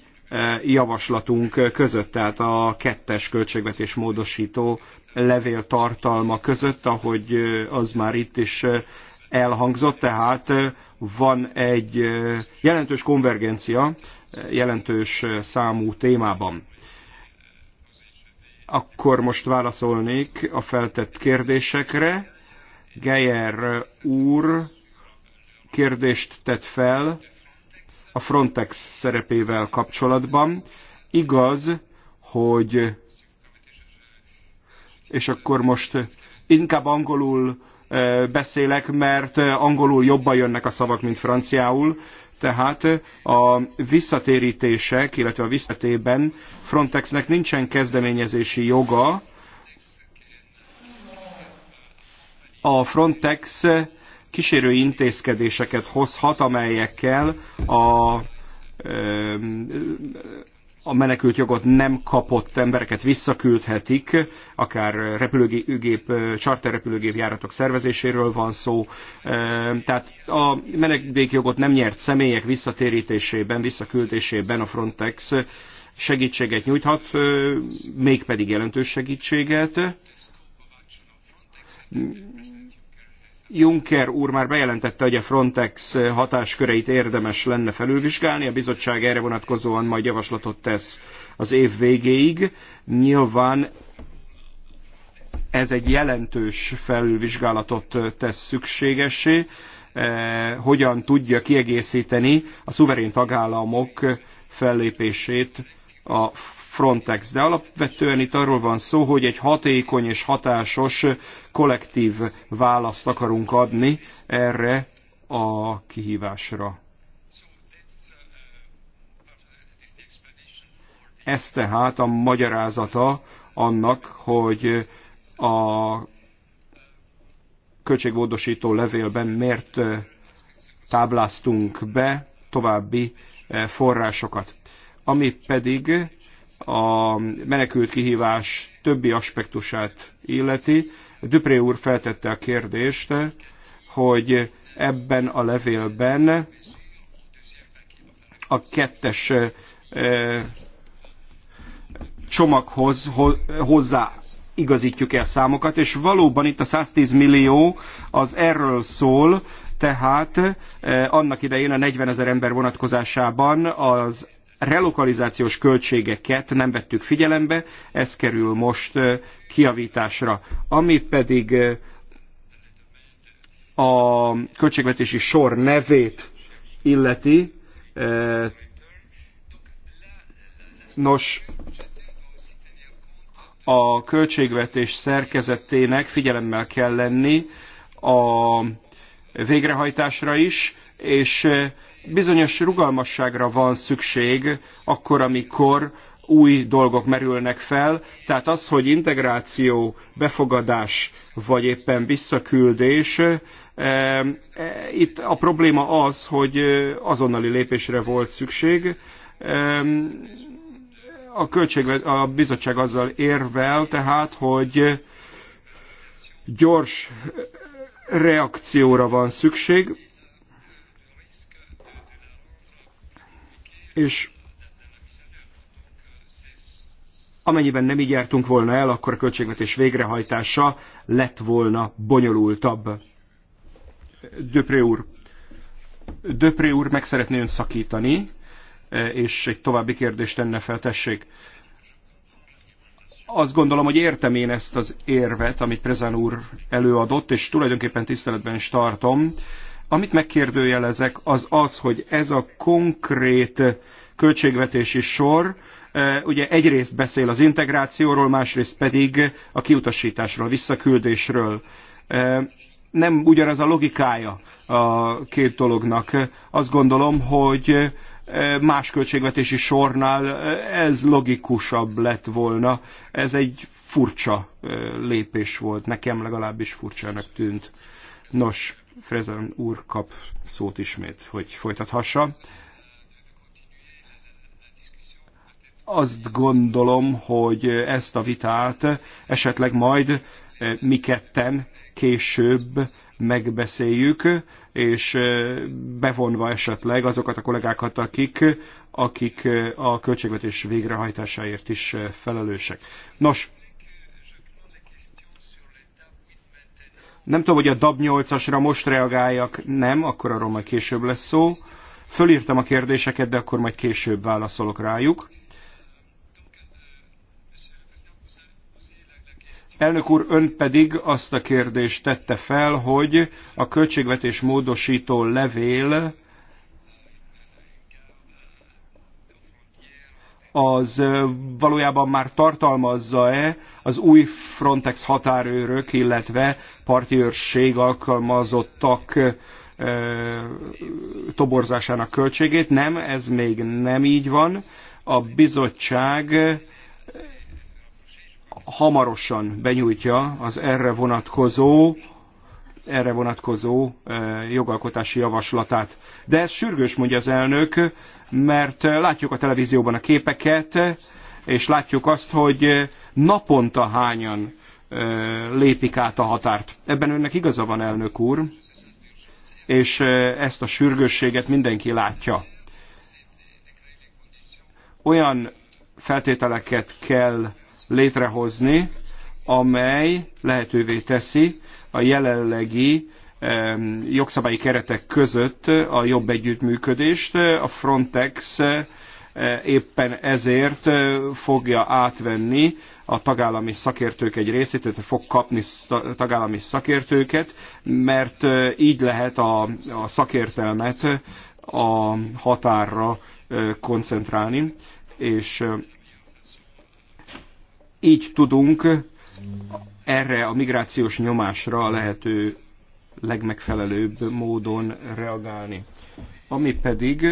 javaslatunk között, tehát a kettes költségvetés módosító levél tartalma között, ahogy az már itt is elhangzott, tehát van egy jelentős konvergencia, jelentős számú témában. Akkor most válaszolnék a feltett kérdésekre. Geyer úr kérdést tett fel a Frontex szerepével kapcsolatban. Igaz, hogy és akkor most inkább angolul beszélek, mert angolul jobban jönnek a szavak, mint franciául. Tehát a visszatérítések, illetve a visszatében Frontexnek nincsen kezdeményezési joga. A Frontex kísérő intézkedéseket hozhat, amelyekkel a a menekült jogot nem kapott embereket visszaküldhetik, akár repülőgép, charterrepülőgép járatok szervezéséről van szó. Tehát a menedékjogot nem nyert személyek visszatérítésében, visszaküldésében a Frontex segítséget nyújthat, mégpedig jelentős segítséget Juncker úr már bejelentette, hogy a Frontex hatásköreit érdemes lenne felülvizsgálni, a bizottság erre vonatkozóan majd javaslatot tesz az év végéig. Nyilván ez egy jelentős felülvizsgálatot tesz szükségessé, eh, hogyan tudja kiegészíteni a szuverén tagállamok fellépését a Frontex. De alapvetően itt arról van szó, hogy egy hatékony és hatásos kollektív választ akarunk adni erre a kihívásra. Ez tehát a magyarázata annak, hogy a költségvódosító levélben miért tábláztunk be további forrásokat. Ami pedig a menekült kihívás többi aspektusát illeti. Dupré úr feltette a kérdést, hogy ebben a levélben a kettes e, csomaghoz hozzá igazítjuk el számokat, és valóban itt a 110 millió az erről szól, tehát e, annak idején a 40 ezer ember vonatkozásában az relokalizációs költségeket nem vettük figyelembe, ez kerül most kiavításra. Ami pedig a költségvetési sor nevét illeti, nos, a költségvetés szerkezetének figyelemmel kell lenni a végrehajtásra is, és bizonyos rugalmasságra van szükség akkor, amikor új dolgok merülnek fel, tehát az, hogy integráció, befogadás vagy éppen visszaküldés, eh, eh, itt a probléma az, hogy eh, azonnali lépésre volt szükség. A, költség, a bizottság azzal érvel, tehát, hogy gyors reakcióra van szükség, és amennyiben nem így jártunk volna el, akkor a költségvetés végrehajtása lett volna bonyolultabb. Döpré úr, Döpré úr meg szeretné ön szakítani, és egy további kérdést tenne fel, tessék. Azt gondolom, hogy értem én ezt az érvet, amit Prezán úr előadott, és tulajdonképpen tiszteletben is tartom, amit megkérdőjelezek, az az, hogy ez a konkrét költségvetési sor, e, ugye egyrészt beszél az integrációról, másrészt pedig a kiutasításról, a visszaküldésről. E, nem ugyanaz a logikája a két dolognak. Azt gondolom, hogy e, más költségvetési sornál ez logikusabb lett volna. Ez egy furcsa lépés volt, nekem legalábbis furcsának tűnt. Nos, Frezen úr kap szót ismét, hogy folytathassa. Azt gondolom, hogy ezt a vitát esetleg majd eh, mi ketten később megbeszéljük, és eh, bevonva esetleg azokat a kollégákat, akik, akik eh, a költségvetés végrehajtásáért is felelősek. Nos, Nem tudom, hogy a DAB 8-asra most reagáljak, nem, akkor arról majd később lesz szó. Fölírtam a kérdéseket, de akkor majd később válaszolok rájuk. Elnök úr, ön pedig azt a kérdést tette fel, hogy a költségvetés módosító levél az valójában már tartalmazza-e az új Frontex határőrök, illetve parti őrség alkalmazottak toborzásának költségét. Nem, ez még nem így van. A bizottság hamarosan benyújtja az erre vonatkozó erre vonatkozó jogalkotási javaslatát. De ez sürgős, mondja az elnök, mert látjuk a televízióban a képeket, és látjuk azt, hogy naponta hányan lépik át a határt. Ebben önnek igaza van, elnök úr, és ezt a sürgősséget mindenki látja. Olyan feltételeket kell létrehozni, amely lehetővé teszi, a jelenlegi jogszabályi keretek között a jobb együttműködést. A Frontex eh, éppen ezért eh, fogja átvenni a tagállami szakértők egy részét, tehát fog kapni tagállami szakértőket, mert eh, így lehet a, a szakértelmet a határra koncentrálni, és így tudunk erre a migrációs nyomásra a lehető legmegfelelőbb módon reagálni. Ami pedig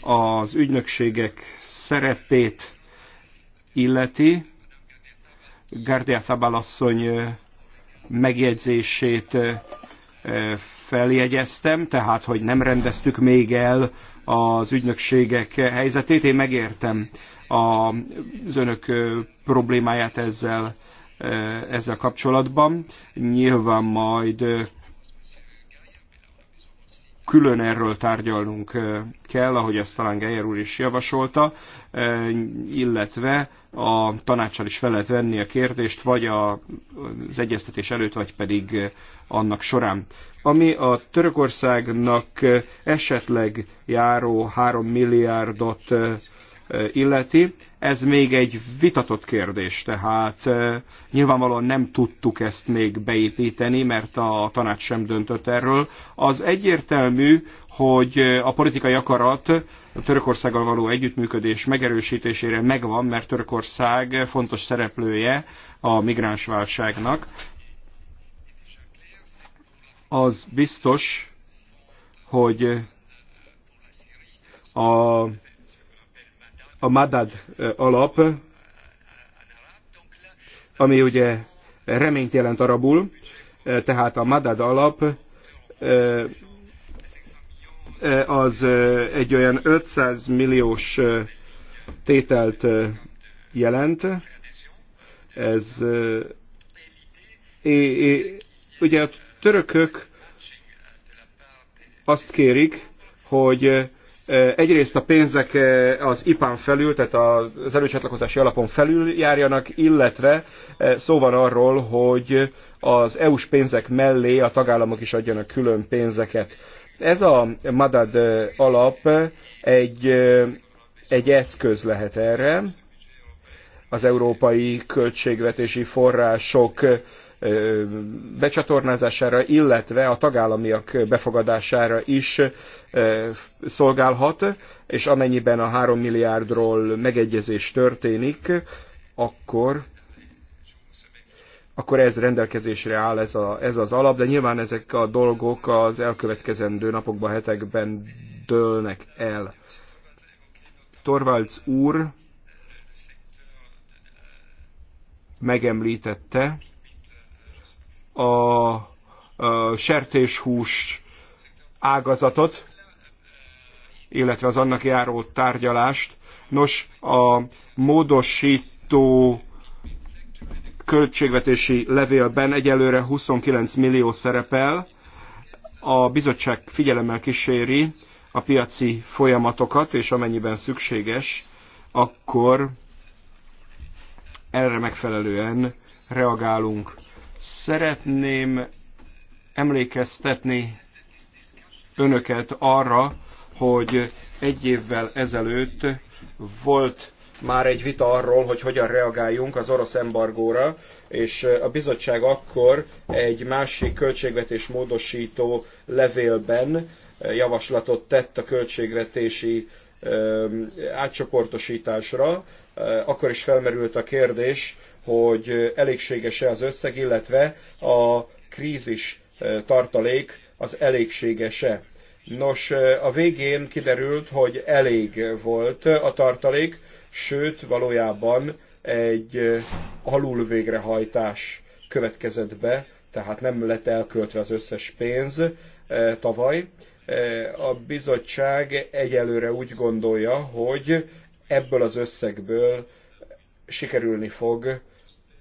az ügynökségek szerepét illeti, Gárdia Szabalasszony megjegyzését feljegyeztem, tehát hogy nem rendeztük még el az ügynökségek helyzetét. Én megértem az önök problémáját ezzel ezzel kapcsolatban. Nyilván majd külön erről tárgyalnunk kell, ahogy ezt talán Geyer úr is javasolta, illetve a tanácssal is fel lehet venni a kérdést, vagy az egyeztetés előtt, vagy pedig annak során ami a Törökországnak esetleg járó 3 milliárdot illeti. Ez még egy vitatott kérdés, tehát nyilvánvalóan nem tudtuk ezt még beépíteni, mert a tanács sem döntött erről. Az egyértelmű, hogy a politikai akarat a Törökországgal való együttműködés megerősítésére megvan, mert Törökország fontos szereplője a migránsválságnak, az biztos, hogy a, a Madad alap, ami ugye reményt jelent arabul, tehát a Madad alap az egy olyan 500 milliós tételt jelent. Ez é, é, ugye törökök azt kérik, hogy eh, egyrészt a pénzek eh, az IPAN felül, tehát az előcsatlakozási alapon felül járjanak, illetve eh, szó van arról, hogy az EU-s pénzek mellé a tagállamok is adjanak külön pénzeket. Ez a Madad alap egy, egy eszköz lehet erre, az európai költségvetési források becsatornázására, illetve a tagállamiak befogadására is szolgálhat, és amennyiben a 3 milliárdról megegyezés történik, akkor akkor ez rendelkezésre áll ez, a, ez az alap, de nyilván ezek a dolgok az elkövetkezendő napokban, hetekben dőlnek el. Torvalds úr megemlítette a, a sertéshús ágazatot, illetve az annak járó tárgyalást. Nos, a módosító költségvetési levélben egyelőre 29 millió szerepel. A bizottság figyelemmel kíséri a piaci folyamatokat, és amennyiben szükséges, akkor erre megfelelően reagálunk. Szeretném emlékeztetni önöket arra, hogy egy évvel ezelőtt volt már egy vita arról, hogy hogyan reagáljunk az orosz embargóra, és a bizottság akkor egy másik költségvetés módosító levélben javaslatot tett a költségvetési átcsoportosításra, Eh, akkor is felmerült a kérdés, hogy elégséges-e az összeg, illetve a krízis eh, tartalék az elégséges-e. Nos, eh, a végén kiderült, hogy elég volt a tartalék, sőt, valójában egy alul végrehajtás következett be, tehát nem lett elköltve az összes pénz tavaly. A bizottság egyelőre úgy gondolja, hogy ebből az összegből sikerülni fog,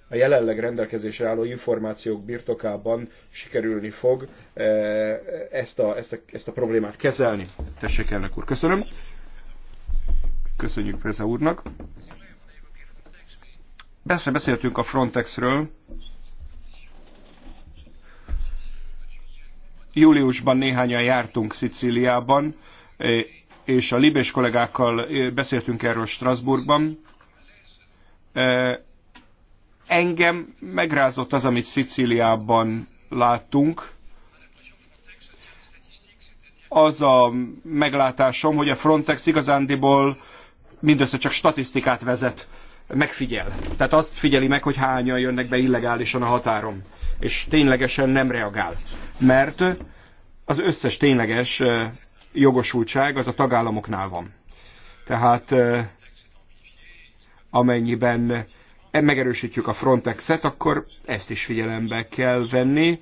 a jelenleg rendelkezésre álló információk birtokában sikerülni fog eh, ezt a, ezt a, ezt a problémát kezelni. Tessék, elnök úr, köszönöm. Köszönjük Preza úrnak. Persze beszéltünk a Frontexről. Júliusban néhányan jártunk Szicíliában, eh, és a libés kollégákkal beszéltünk erről Strasbourgban. Engem megrázott az, amit Szicíliában láttunk. Az a meglátásom, hogy a Frontex igazándiból mindössze csak statisztikát vezet, megfigyel. Tehát azt figyeli meg, hogy hányan jönnek be illegálisan a határon, és ténylegesen nem reagál. Mert az összes tényleges jogosultság az a tagállamoknál van. Tehát amennyiben e- megerősítjük a Frontexet, akkor ezt is figyelembe kell venni,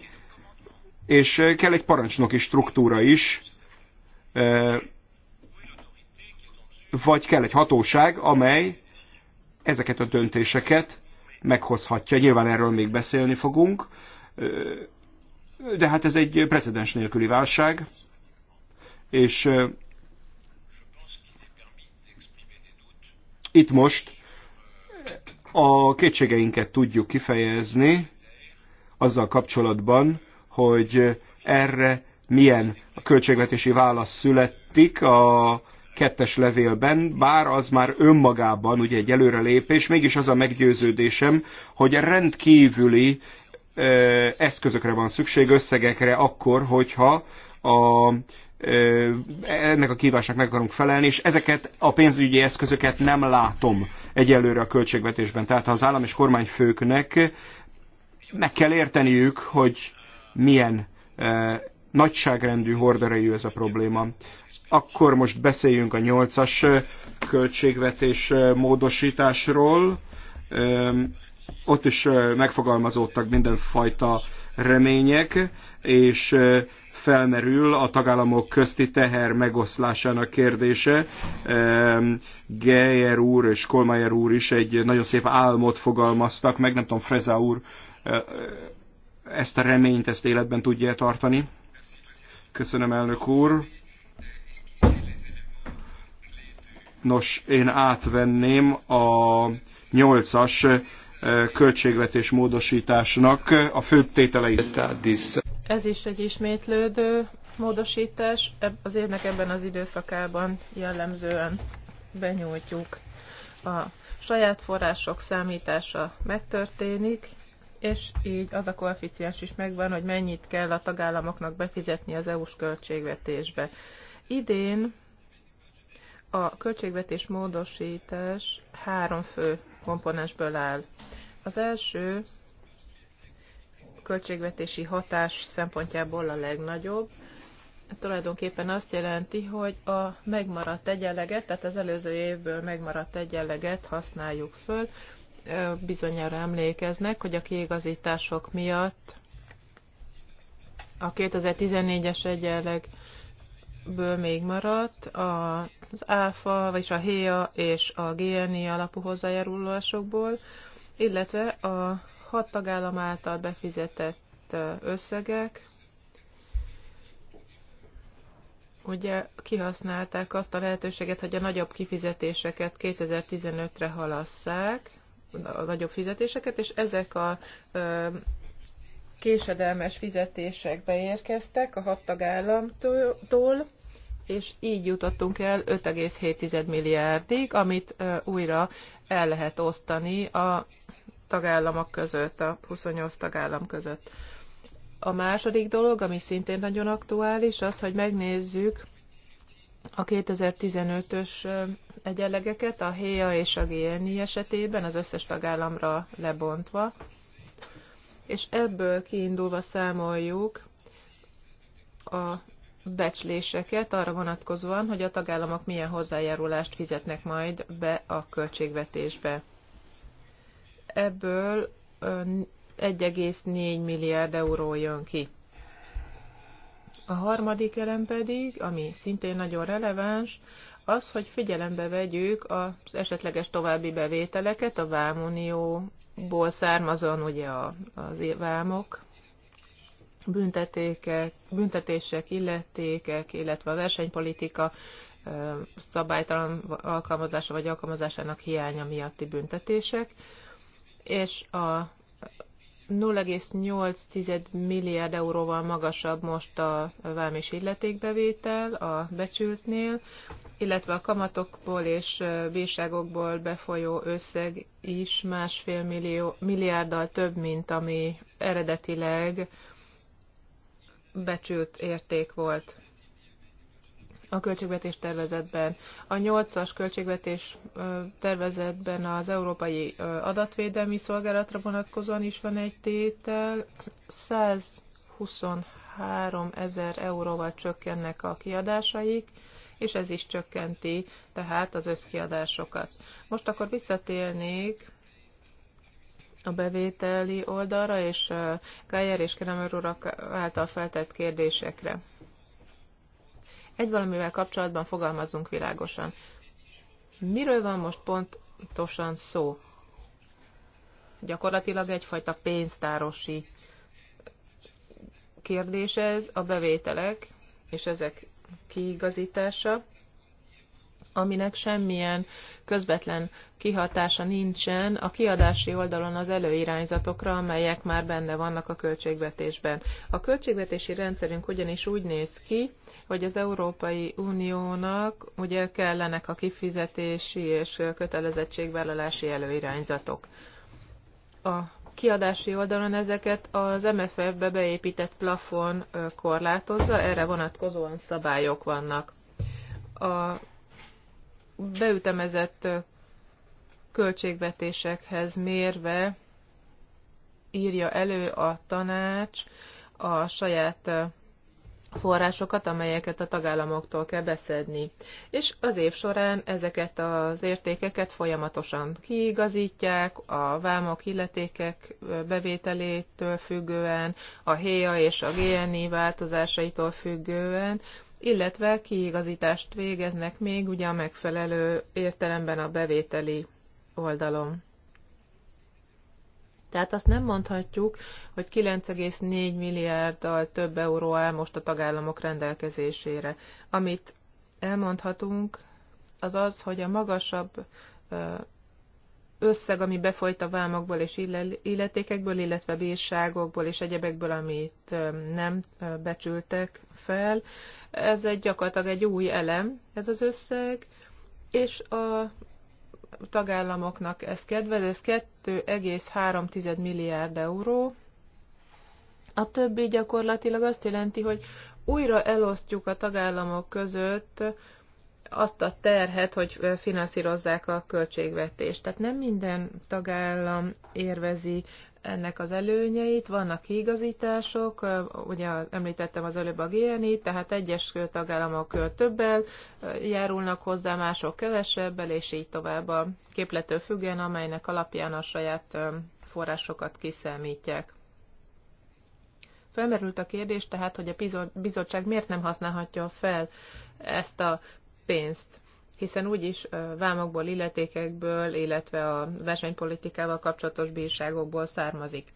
és kell egy parancsnoki struktúra is, vagy kell egy hatóság, amely ezeket a döntéseket meghozhatja. Nyilván erről még beszélni fogunk, de hát ez egy precedens nélküli válság, és itt most a kétségeinket tudjuk kifejezni azzal kapcsolatban, hogy erre milyen a költségvetési válasz születik a kettes levélben, bár az már önmagában ugye egy előrelépés, mégis az a meggyőződésem, hogy rendkívüli eszközökre van szükség, összegekre akkor, hogyha a ennek a kívásnak meg akarunk felelni, és ezeket a pénzügyi eszközöket nem látom egyelőre a költségvetésben. Tehát az állam és kormányfőknek meg kell érteniük, hogy milyen nagyságrendű horderejű ez a probléma. Akkor most beszéljünk a nyolcas költségvetés módosításról. Ott is megfogalmazódtak mindenfajta remények, és felmerül a tagállamok közti teher megoszlásának kérdése. Ehm, Geyer úr és Kolmeyer úr is egy nagyon szép álmot fogalmaztak meg, nem tudom, Freza úr e, e, ezt a reményt, ezt életben tudja tartani. Köszönöm, elnök úr. Nos, én átvenném a nyolcas e, költségvetés módosításnak a főbb tételeit. Ez is egy ismétlődő módosítás, az évnek ebben az időszakában jellemzően benyújtjuk. A saját források számítása megtörténik, és így az a koeficiens is megvan, hogy mennyit kell a tagállamoknak befizetni az EU-s költségvetésbe. Idén a költségvetés módosítás három fő komponensből áll. Az első költségvetési hatás szempontjából a legnagyobb. Tulajdonképpen azt jelenti, hogy a megmaradt egyenleget, tehát az előző évből megmaradt egyenleget használjuk föl. Bizonyára emlékeznek, hogy a kiigazítások miatt a 2014-es egyenleg ből még maradt az ÁFA, vagyis a HÉA és a GNI alapú hozzájárulásokból, illetve a hat tagállam által befizetett összegek ugye kihasználták azt a lehetőséget, hogy a nagyobb kifizetéseket 2015-re halasszák, a nagyobb fizetéseket, és ezek a késedelmes fizetések beérkeztek a hat tagállamtól, és így jutottunk el 5,7 milliárdig, amit újra el lehet osztani a tagállamok között, a 28 tagállam között. A második dolog, ami szintén nagyon aktuális, az, hogy megnézzük a 2015-ös egyenlegeket a HEA és a GNI esetében, az összes tagállamra lebontva, és ebből kiindulva számoljuk a becsléseket arra vonatkozóan, hogy a tagállamok milyen hozzájárulást fizetnek majd be a költségvetésbe ebből 1,4 milliárd euró jön ki. A harmadik elem pedig, ami szintén nagyon releváns, az, hogy figyelembe vegyük az esetleges további bevételeket, a vámunióból származóan ugye az vámok, büntetékek, büntetések, illetékek, illetve a versenypolitika szabálytalan alkalmazása vagy alkalmazásának hiánya miatti büntetések, és a 0,8 milliárd euróval magasabb most a vám és illetékbevétel a becsültnél, illetve a kamatokból és bírságokból befolyó összeg is másfél millió, milliárddal több, mint ami eredetileg becsült érték volt a költségvetés tervezetben. A 8-as költségvetés tervezetben az Európai Adatvédelmi Szolgálatra vonatkozóan is van egy tétel. 123 ezer euróval csökkennek a kiadásaik, és ez is csökkenti tehát az összkiadásokat. Most akkor visszatérnék a bevételi oldalra, és Gájer és Kremer urak által feltett kérdésekre egy valamivel kapcsolatban fogalmazzunk világosan. Miről van most pontosan szó? Gyakorlatilag egyfajta pénztárosi kérdés ez, a bevételek és ezek kiigazítása aminek semmilyen közvetlen kihatása nincsen a kiadási oldalon az előirányzatokra, amelyek már benne vannak a költségvetésben. A költségvetési rendszerünk ugyanis úgy néz ki, hogy az Európai Uniónak ugye kellenek a kifizetési és kötelezettségvállalási előirányzatok. A kiadási oldalon ezeket az MFF-be beépített plafon korlátozza, erre vonatkozóan szabályok vannak. A beütemezett költségvetésekhez mérve írja elő a tanács a saját forrásokat, amelyeket a tagállamoktól kell beszedni. És az év során ezeket az értékeket folyamatosan kiigazítják, a vámok, illetékek bevételétől függően, a HÉA és a GNI változásaitól függően, illetve kiigazítást végeznek még ugye a megfelelő értelemben a bevételi oldalon. Tehát azt nem mondhatjuk, hogy 9,4 milliárddal több euró áll most a tagállamok rendelkezésére. Amit elmondhatunk, az az, hogy a magasabb összeg, ami befolyt a vámokból és illetékekből, illetve bírságokból és egyebekből, amit nem becsültek fel. Ez egy gyakorlatilag egy új elem, ez az összeg, és a tagállamoknak ez kedvez, ez 2,3 milliárd euró. A többi gyakorlatilag azt jelenti, hogy újra elosztjuk a tagállamok között azt a terhet, hogy finanszírozzák a költségvetést. Tehát nem minden tagállam érvezi ennek az előnyeit, vannak kiigazítások, ugye említettem az előbb a GNI, tehát egyes tagállamok többel járulnak hozzá, mások kevesebbel, és így tovább a képletől függően, amelynek alapján a saját forrásokat kiszámítják. Felmerült a kérdés tehát, hogy a bizottság miért nem használhatja fel ezt a pénzt, hiszen úgyis vámokból, illetékekből, illetve a versenypolitikával kapcsolatos bírságokból származik.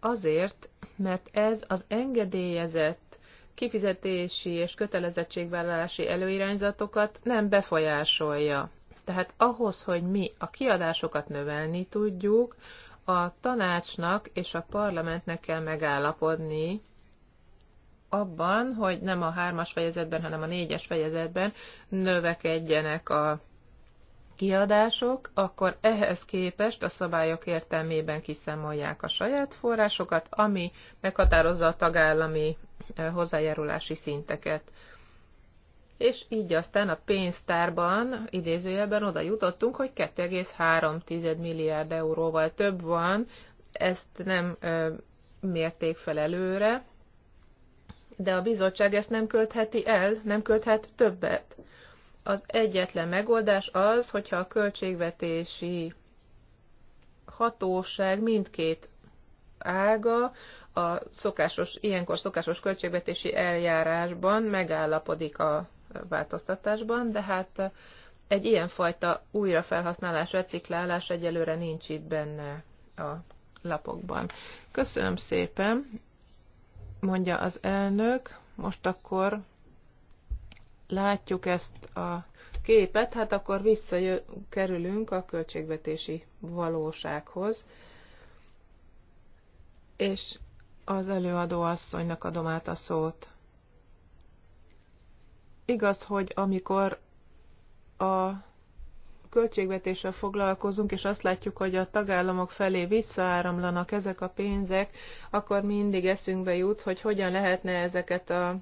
Azért, mert ez az engedélyezett kifizetési és kötelezettségvállalási előirányzatokat nem befolyásolja. Tehát ahhoz, hogy mi a kiadásokat növelni tudjuk, a tanácsnak és a parlamentnek kell megállapodni abban, hogy nem a hármas fejezetben, hanem a négyes fejezetben növekedjenek a kiadások, akkor ehhez képest a szabályok értelmében kiszámolják a saját forrásokat, ami meghatározza a tagállami eh, hozzájárulási szinteket. És így aztán a pénztárban, idézőjelben oda jutottunk, hogy 2,3 milliárd euróval több van, ezt nem eh, mérték fel előre, de a bizottság ezt nem költheti el, nem költhet többet. Az egyetlen megoldás az, hogyha a költségvetési hatóság mindkét ága a szokásos, ilyenkor szokásos költségvetési eljárásban megállapodik a változtatásban, de hát egy ilyenfajta újrafelhasználás, reciklálás egyelőre nincs itt benne a lapokban. Köszönöm szépen! mondja az elnök. Most akkor látjuk ezt a képet, hát akkor visszakerülünk a költségvetési valósághoz. És az előadó asszonynak adom át a szót. Igaz, hogy amikor a költségvetéssel foglalkozunk, és azt látjuk, hogy a tagállamok felé visszaáramlanak ezek a pénzek, akkor mindig eszünkbe jut, hogy hogyan lehetne ezeket a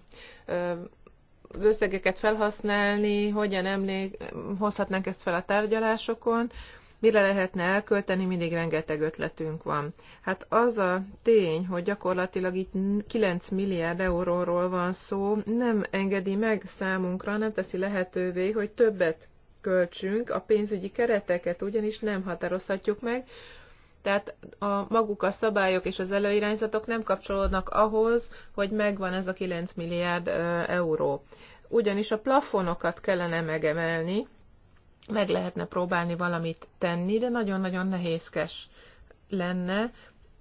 az összegeket felhasználni, hogyan emlék, hozhatnánk ezt fel a tárgyalásokon, mire lehetne elkölteni, mindig rengeteg ötletünk van. Hát az a tény, hogy gyakorlatilag itt 9 milliárd euróról van szó, nem engedi meg számunkra, nem teszi lehetővé, hogy többet költsünk, a pénzügyi kereteket ugyanis nem határozhatjuk meg, tehát a maguk a szabályok és az előirányzatok nem kapcsolódnak ahhoz, hogy megvan ez a 9 milliárd euró. Ugyanis a plafonokat kellene megemelni, meg lehetne próbálni valamit tenni, de nagyon-nagyon nehézkes lenne,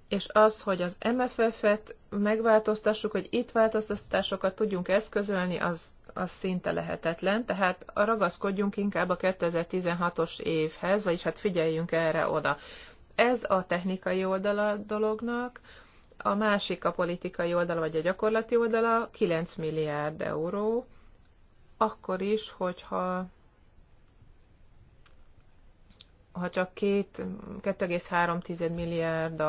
és az, hogy az MFF-et megváltoztassuk, hogy itt változtatásokat tudjunk eszközölni, az az szinte lehetetlen, tehát ragaszkodjunk inkább a 2016-os évhez, vagyis hát figyeljünk erre oda. Ez a technikai oldala a dolognak, a másik a politikai oldala, vagy a gyakorlati oldala 9 milliárd euró, akkor is, hogyha ha csak 2,3 milliárd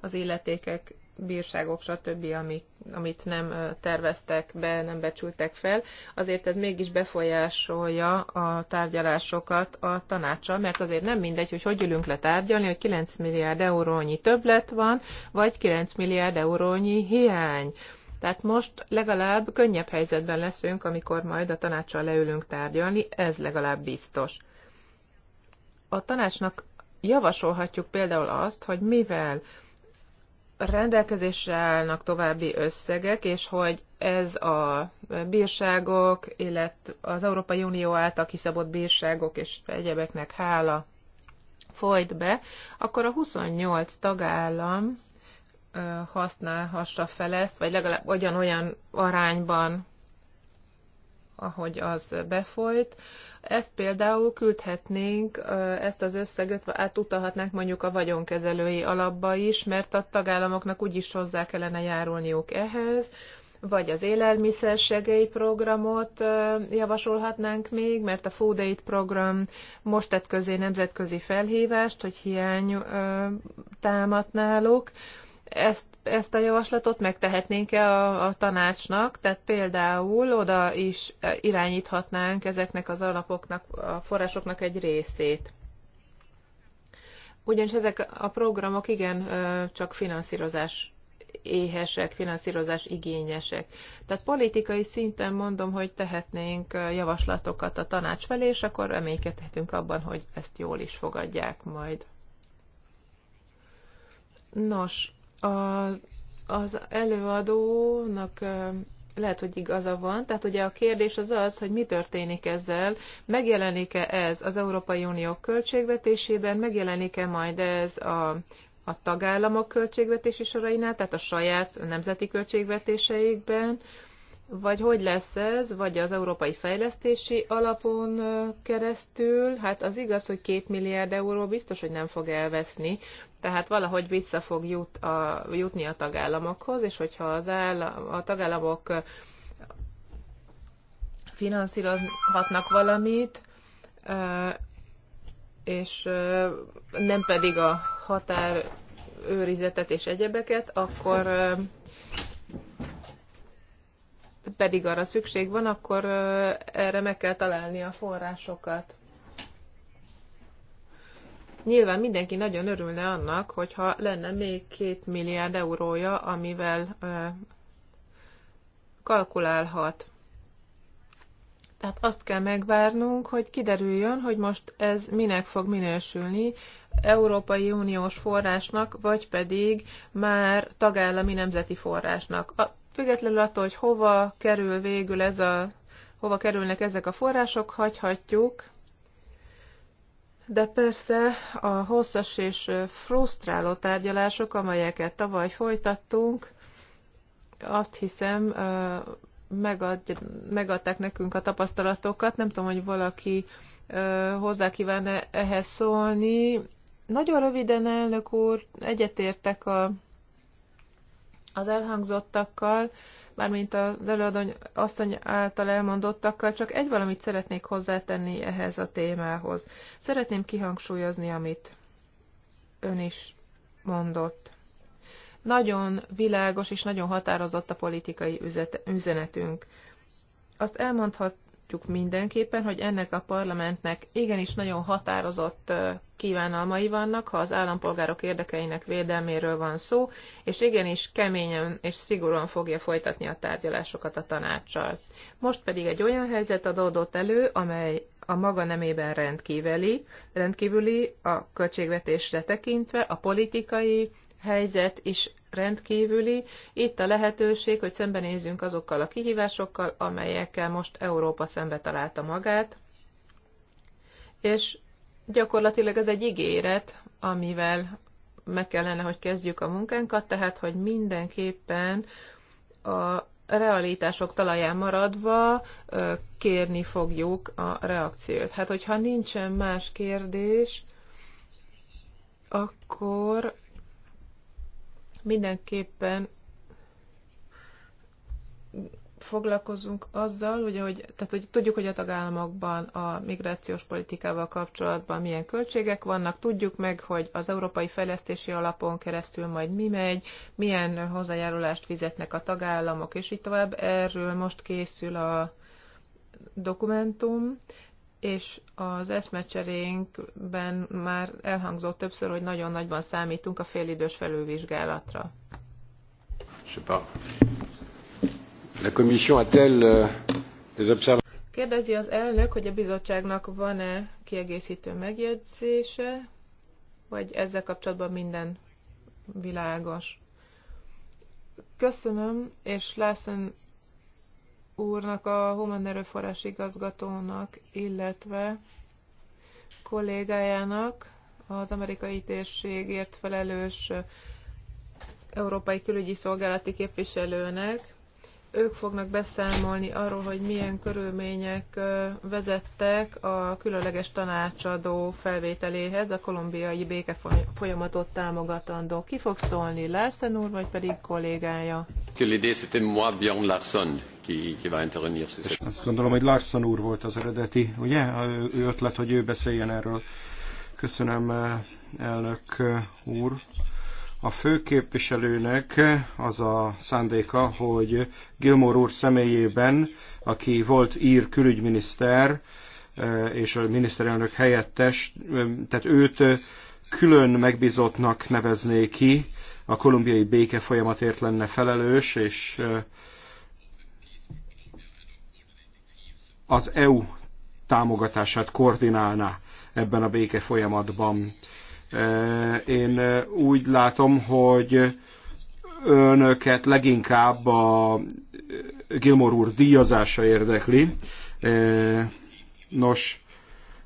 az illetékek bírságok, stb., amit, amit nem terveztek be, nem becsültek fel, azért ez mégis befolyásolja a tárgyalásokat a tanácsa, mert azért nem mindegy, hogy hogy ülünk le tárgyalni, hogy 9 milliárd eurónyi többlet van, vagy 9 milliárd eurónyi hiány. Tehát most legalább könnyebb helyzetben leszünk, amikor majd a tanácssal leülünk tárgyalni, ez legalább biztos. A tanácsnak javasolhatjuk például azt, hogy mivel rendelkezésre állnak további összegek, és hogy ez a bírságok, illetve az Európai Unió által kiszabott bírságok és egyebeknek hála folyt be, akkor a 28 tagállam használhassa fel ezt, vagy legalább olyan-olyan arányban, ahogy az befolyt, ezt például küldhetnénk, ezt az összeget átutalhatnánk mondjuk a vagyonkezelői alapba is, mert a tagállamoknak úgyis hozzá kellene járulniuk ehhez, vagy az élelmiszersegély programot javasolhatnánk még, mert a Food Aid program most tett közé nemzetközi felhívást, hogy hiány támad náluk. Ezt ezt a javaslatot megtehetnénk-e a, a tanácsnak, tehát például oda is e, irányíthatnánk ezeknek az alapoknak, a forrásoknak egy részét. Ugyanis ezek a programok igen csak finanszírozás éhesek, finanszírozás igényesek. Tehát politikai szinten mondom, hogy tehetnénk javaslatokat a tanács felé, és akkor reménykedhetünk abban, hogy ezt jól is fogadják majd. Nos, a, az előadónak lehet, hogy igaza van. Tehát ugye a kérdés az az, hogy mi történik ezzel, megjelenik-e ez az Európai Unió költségvetésében, megjelenik-e majd ez a, a tagállamok költségvetési sorainál, tehát a saját nemzeti költségvetéseikben, vagy hogy lesz ez, vagy az Európai Fejlesztési Alapon keresztül, hát az igaz, hogy két milliárd euró biztos, hogy nem fog elveszni, tehát valahogy vissza fog jut a, jutni a tagállamokhoz, és hogyha az állam, a tagállamok finanszírozhatnak valamit, és nem pedig a határőrizetet és egyebeket, akkor pedig arra szükség van, akkor erre meg kell találni a forrásokat. Nyilván mindenki nagyon örülne annak, hogyha lenne még két milliárd eurója, amivel kalkulálhat. Tehát azt kell megvárnunk, hogy kiderüljön, hogy most ez minek fog minősülni, Európai Uniós forrásnak, vagy pedig már tagállami nemzeti forrásnak. Függetlenül attól, hogy hova kerül végül ez a, hova kerülnek ezek a források, hagyhatjuk, de persze a hosszas és frusztráló tárgyalások, amelyeket tavaly folytattunk, azt hiszem, megad, megadták nekünk a tapasztalatokat. Nem tudom, hogy valaki hozzá kíván-e ehhez szólni. Nagyon röviden, elnök úr, egyetértek a az elhangzottakkal, mármint az előadó asszony által elmondottakkal, csak egy valamit szeretnék hozzátenni ehhez a témához. Szeretném kihangsúlyozni, amit ön is mondott. Nagyon világos és nagyon határozott a politikai üzenetünk. Azt elmondhat, látjuk mindenképpen, hogy ennek a parlamentnek igenis nagyon határozott kívánalmai vannak, ha az állampolgárok érdekeinek védelméről van szó, és igenis keményen és szigorúan fogja folytatni a tárgyalásokat a tanácssal. Most pedig egy olyan helyzet adódott elő, amely a maga nemében rendkívüli, rendkívüli a költségvetésre tekintve, a politikai helyzet is rendkívüli. Itt a lehetőség, hogy szembenézzünk azokkal a kihívásokkal, amelyekkel most Európa szembe találta magát, és gyakorlatilag ez egy ígéret, amivel meg kellene, hogy kezdjük a munkánkat, tehát, hogy mindenképpen a realitások talaján maradva kérni fogjuk a reakciót. Hát, hogyha nincsen más kérdés, akkor mindenképpen foglalkozunk azzal, hogy, hogy, tehát, hogy tudjuk, hogy a tagállamokban a migrációs politikával kapcsolatban milyen költségek vannak, tudjuk meg, hogy az Európai Fejlesztési Alapon keresztül majd mi megy, milyen hozzájárulást fizetnek a tagállamok, és így tovább. Erről most készül a dokumentum, és az eszmecserénkben már elhangzott többször, hogy nagyon nagyban számítunk a félidős felülvizsgálatra. Euh, Kérdezi az elnök, hogy a bizottságnak van-e kiegészítő megjegyzése, vagy ezzel kapcsolatban minden világos. Köszönöm, és László úrnak, a Human Erőforrás igazgatónak, illetve kollégájának, az amerikai térségért felelős európai külügyi szolgálati képviselőnek. Ők fognak beszámolni arról, hogy milyen körülmények vezettek a különleges tanácsadó felvételéhez a kolumbiai békefolyamatot támogatandó. Ki fog szólni, Larsen úr, vagy pedig kollégája? Que l'idée c'était moi, Bjorn Larsen ki Azt gondolom, hogy Larson úr volt az eredeti, ugye? Ő ötlet, hogy ő beszéljen erről. Köszönöm, elnök úr. A főképviselőnek az a szándéka, hogy Gilmore úr személyében, aki volt ír külügyminiszter, és a miniszterelnök helyettes, tehát őt külön megbízottnak nevezné ki, a kolumbiai béke folyamatért lenne felelős, és az EU támogatását koordinálná ebben a béke folyamatban. E, én úgy látom, hogy önöket leginkább a Gilmore úr díjazása érdekli. E, nos,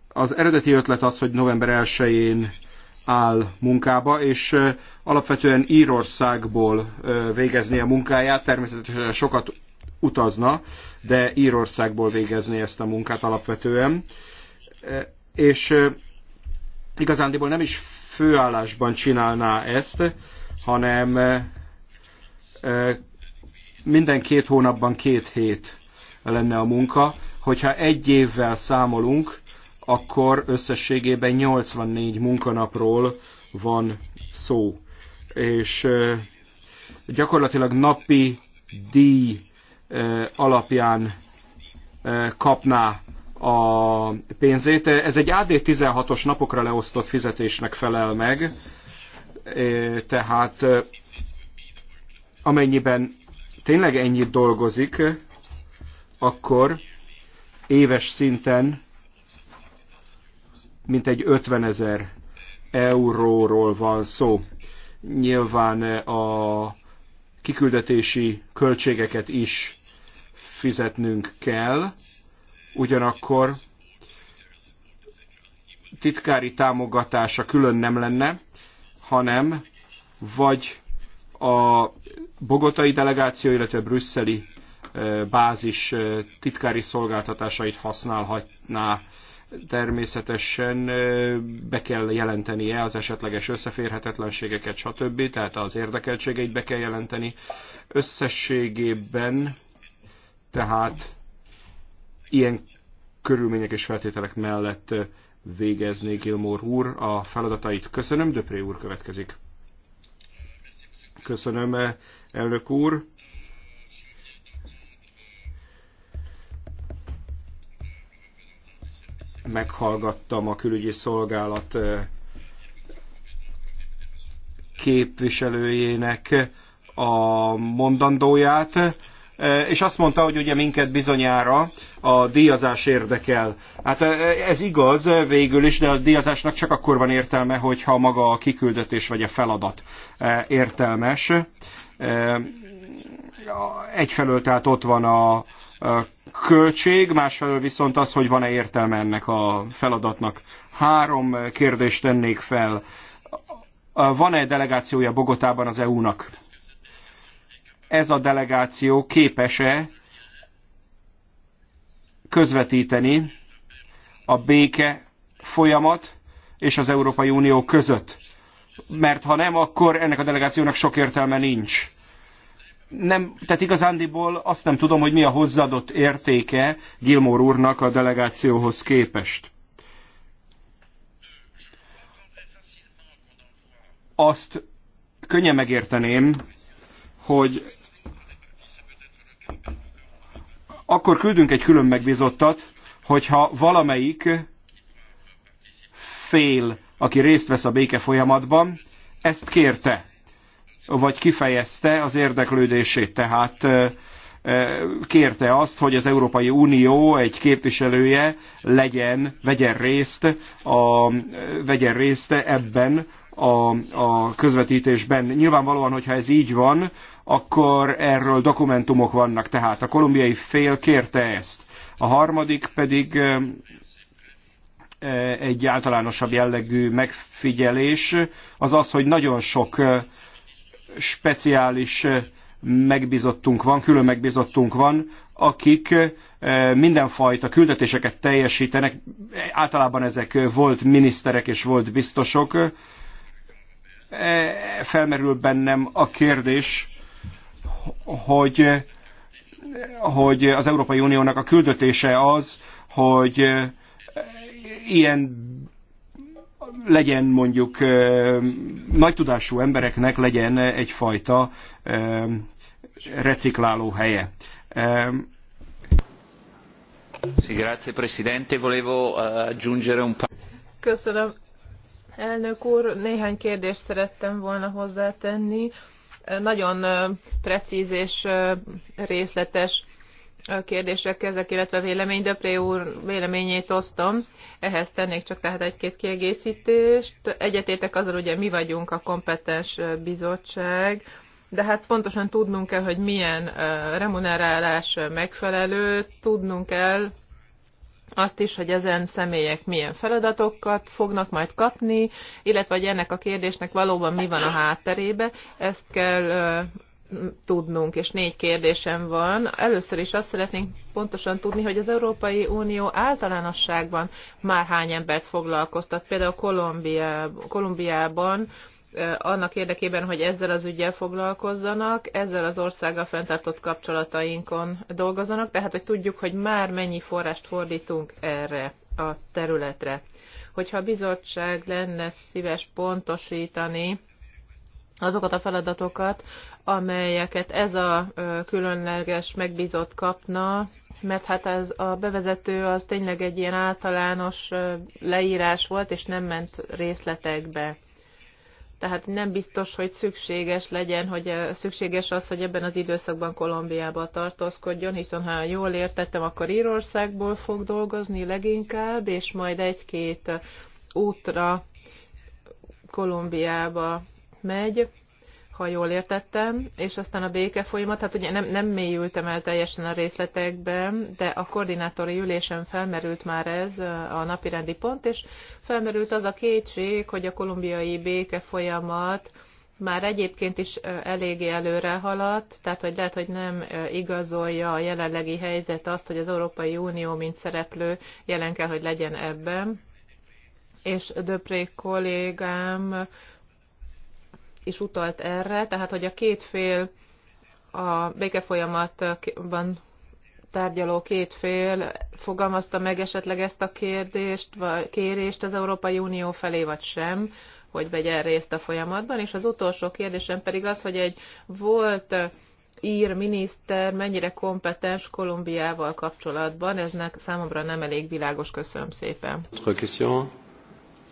az eredeti ötlet az, hogy november 1-én áll munkába, és e, alapvetően Írországból végezné a munkáját, természetesen sokat utazna, de Írországból végezni ezt a munkát alapvetően. E, és e, igazándiból nem is főállásban csinálná ezt, hanem e, minden két hónapban két hét lenne a munka. Hogyha egy évvel számolunk, akkor összességében 84 munkanapról van szó. És gyakorlatilag napi díj alapján kapná a pénzét. Ez egy AD16-os napokra leosztott fizetésnek felel meg, tehát amennyiben tényleg ennyit dolgozik, akkor éves szinten mintegy 50 ezer euróról van szó. Nyilván a kiküldetési költségeket is fizetnünk kell, ugyanakkor titkári támogatása külön nem lenne, hanem vagy a bogotai delegáció, illetve a brüsszeli bázis titkári szolgáltatásait használhatná természetesen be kell jelentenie az esetleges összeférhetetlenségeket, stb. Tehát az érdekeltségeit be kell jelenteni. Összességében tehát ilyen körülmények és feltételek mellett végezni Gilmore úr a feladatait. Köszönöm, Döpré úr következik. Köszönöm, elnök úr. Meghallgattam a külügyi szolgálat eh, képviselőjének a mondandóját E, és azt mondta, hogy ugye minket bizonyára a díjazás érdekel. Hát e, ez igaz végül is, de a díjazásnak csak akkor van értelme, hogyha maga a kiküldetés vagy a feladat e, értelmes. Egyfelől tehát ott van a költség, másfelől viszont az, hogy van-e értelme ennek a feladatnak. Három kérdést tennék fel. Van-e delegációja Bogotában az EU-nak? ez a delegáció képes-e közvetíteni a béke folyamat és az Európai Unió között. Mert ha nem, akkor ennek a delegációnak sok értelme nincs. Nem, tehát igazándiból azt nem tudom, hogy mi a hozzáadott értéke Gilmore úrnak a delegációhoz képest. Azt könnyen megérteném, hogy akkor küldünk egy külön megbízottat, hogyha valamelyik fél, aki részt vesz a béke folyamatban, ezt kérte, vagy kifejezte az érdeklődését. Tehát kérte azt, hogy az Európai Unió egy képviselője legyen, vegyen részt, a, vegyen részt ebben a, a közvetítésben. Nyilvánvalóan, hogyha ez így van, akkor erről dokumentumok vannak. Tehát a kolumbiai fél kérte ezt. A harmadik pedig egy általánosabb jellegű megfigyelés, az az, hogy nagyon sok speciális megbizottunk van, külön megbizottunk van, akik mindenfajta küldetéseket teljesítenek, általában ezek volt miniszterek és volt biztosok, E, felmerül bennem a kérdés, hogy, hogy az Európai Uniónak a küldetése az, hogy e, ilyen legyen mondjuk e, nagy tudású embereknek legyen egyfajta recikláló helye. Eh, Köszönöm, Elnök úr, néhány kérdést szerettem volna hozzátenni. Nagyon precíz és részletes kérdések ezek, illetve vélemény. Döpré úr véleményét osztom. Ehhez tennék csak tehát egy-két kiegészítést. Egyetétek azzal, ugye mi vagyunk a kompetens bizottság, de hát pontosan tudnunk kell, hogy milyen remunerálás megfelelő, tudnunk kell, azt is, hogy ezen személyek milyen feladatokat fognak majd kapni, illetve hogy ennek a kérdésnek valóban mi van a hátterébe, ezt kell tudnunk, és négy kérdésem van. Először is azt szeretnénk pontosan tudni, hogy az Európai Unió általánosságban már hány embert foglalkoztat. Például Kolumbiá, Kolumbiában annak érdekében, hogy ezzel az ügyel foglalkozzanak, ezzel az országgal fenntartott kapcsolatainkon dolgozzanak, tehát hogy tudjuk, hogy már mennyi forrást fordítunk erre a területre. Hogyha a bizottság lenne szíves pontosítani azokat a feladatokat, amelyeket ez a különleges megbízott kapna, mert hát ez a bevezető az tényleg egy ilyen általános leírás volt, és nem ment részletekbe. Tehát nem biztos, hogy szükséges legyen, hogy szükséges az, hogy ebben az időszakban Kolumbiába tartózkodjon, hiszen ha jól értettem, akkor Írországból fog dolgozni leginkább, és majd egy-két útra Kolumbiába megy ha jól értettem, és aztán a béke folyamat, hát ugye nem, nem mélyültem el teljesen a részletekben, de a koordinátori ülésen felmerült már ez a napirendi pont, és felmerült az a kétség, hogy a kolumbiai béke folyamat már egyébként is eléggé előre haladt, tehát hogy lehet, hogy nem igazolja a jelenlegi helyzet azt, hogy az Európai Unió, mint szereplő jelen kell, hogy legyen ebben. És Döprék kollégám is utalt erre, tehát hogy a két fél a békefolyamatban tárgyaló két fél fogalmazta meg esetleg ezt a kérdést, vagy kérést az Európai Unió felé, vagy sem, hogy vegyen részt a folyamatban. És az utolsó kérdésem pedig az, hogy egy volt ír miniszter mennyire kompetens Kolumbiával kapcsolatban, ez számomra nem elég világos. Köszönöm szépen. Autre question?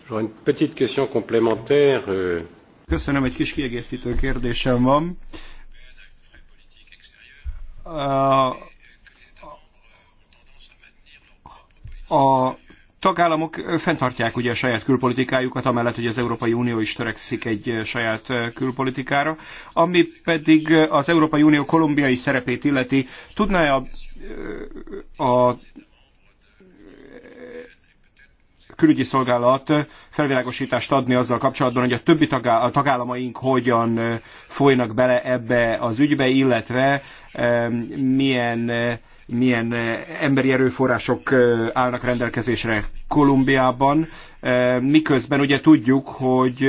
J'aurais une petite question complémentaire. Euh, Köszönöm, egy kis kiegészítő kérdésem van. A, tagállamok fenntartják ugye a saját külpolitikájukat, amellett, hogy az Európai Unió is törekszik egy saját külpolitikára, ami pedig az Európai Unió kolumbiai szerepét illeti. Tudná-e a, a külügyi szolgálat felvilágosítást adni azzal kapcsolatban, hogy a többi tagá a tagállamaink hogyan folynak bele ebbe az ügybe, illetve milyen milyen emberi erőforrások állnak rendelkezésre Kolumbiában, miközben ugye tudjuk, hogy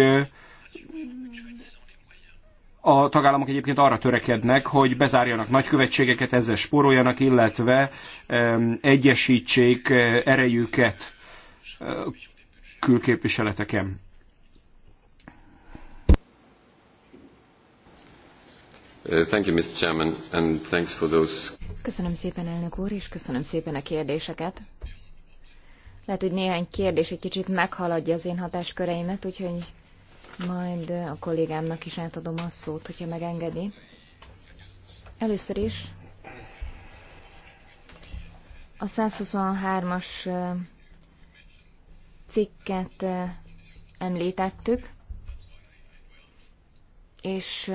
a tagállamok egyébként arra törekednek, hogy bezárjanak nagykövetségeket, ezzel spóroljanak, illetve egyesítsék erejüket külképviseleteken. Uh, thank you, Mr. Chairman, and thanks for those... Köszönöm szépen, elnök úr, és köszönöm szépen a kérdéseket. Lehet, hogy néhány kérdés egy kicsit meghaladja az én hatásköreimet, úgyhogy majd a kollégámnak is átadom a szót, hogyha megengedi. Először is a 123-as cikket említettük, és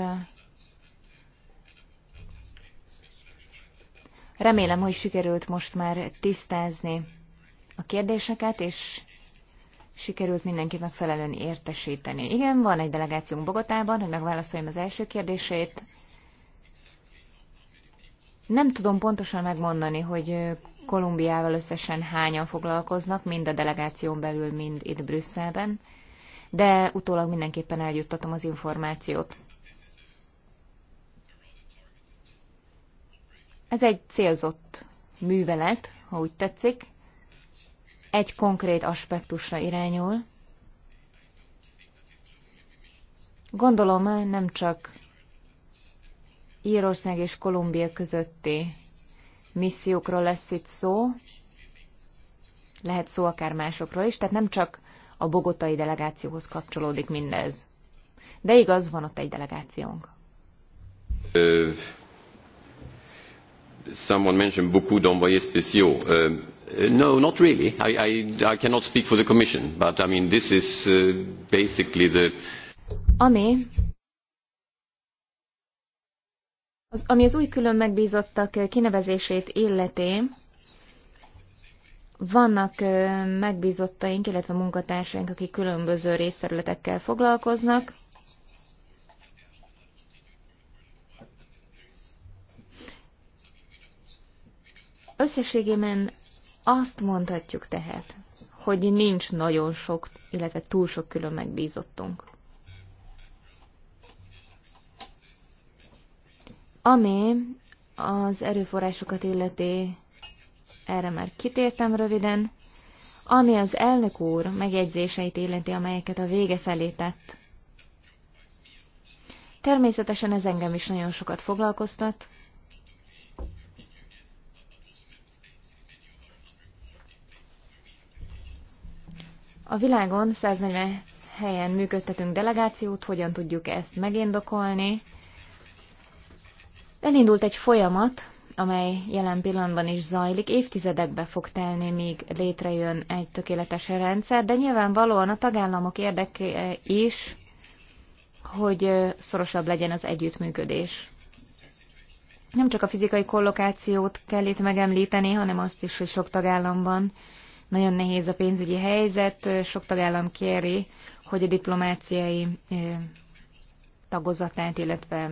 remélem, hogy sikerült most már tisztázni a kérdéseket, és sikerült mindenki megfelelően értesíteni. Igen, van egy delegációnk Bogotában, hogy megválaszoljam az első kérdését. Nem tudom pontosan megmondani, hogy Kolumbiával összesen hányan foglalkoznak, mind a delegáción belül, mind itt Brüsszelben, de utólag mindenképpen eljuttatom az információt. Ez egy célzott művelet, ha úgy tetszik, egy konkrét aspektusra irányul. Gondolom nem csak Írország és Kolumbia közötti missziókról lesz itt szó, lehet szó akár másokról is, tehát nem csak a bogotai delegációhoz kapcsolódik mindez. De igaz, van ott egy delegációnk. someone mentioned beaucoup d'envoyés spéciaux. no, not really. I, I, I cannot speak for the Commission, but I mean this is uh, basically the. Ami az, ami az új külön megbízottak eh, kinevezését illeti, vannak eh, megbízottaink, illetve munkatársaink, akik különböző részterületekkel foglalkoznak. Összességében azt mondhatjuk tehát, hogy nincs nagyon sok, illetve túl sok külön megbízottunk. Ami az erőforrásokat illeti, erre már kitértem röviden, ami az elnök úr megjegyzéseit illeti, amelyeket a vége felé tett. Természetesen ez engem is nagyon sokat foglalkoztat. A világon 140 helyen működtetünk delegációt, hogyan tudjuk ezt megindokolni, Elindult egy folyamat, amely jelen pillanatban is zajlik, évtizedekbe fog telni, míg létrejön egy tökéletes rendszer, de nyilvánvalóan a tagállamok érdeke is, hogy szorosabb legyen az együttműködés. Nem csak a fizikai kollokációt kell itt megemlíteni, hanem azt is, hogy sok tagállamban nagyon nehéz a pénzügyi helyzet, sok tagállam kéri, hogy a diplomáciai tagozatát, illetve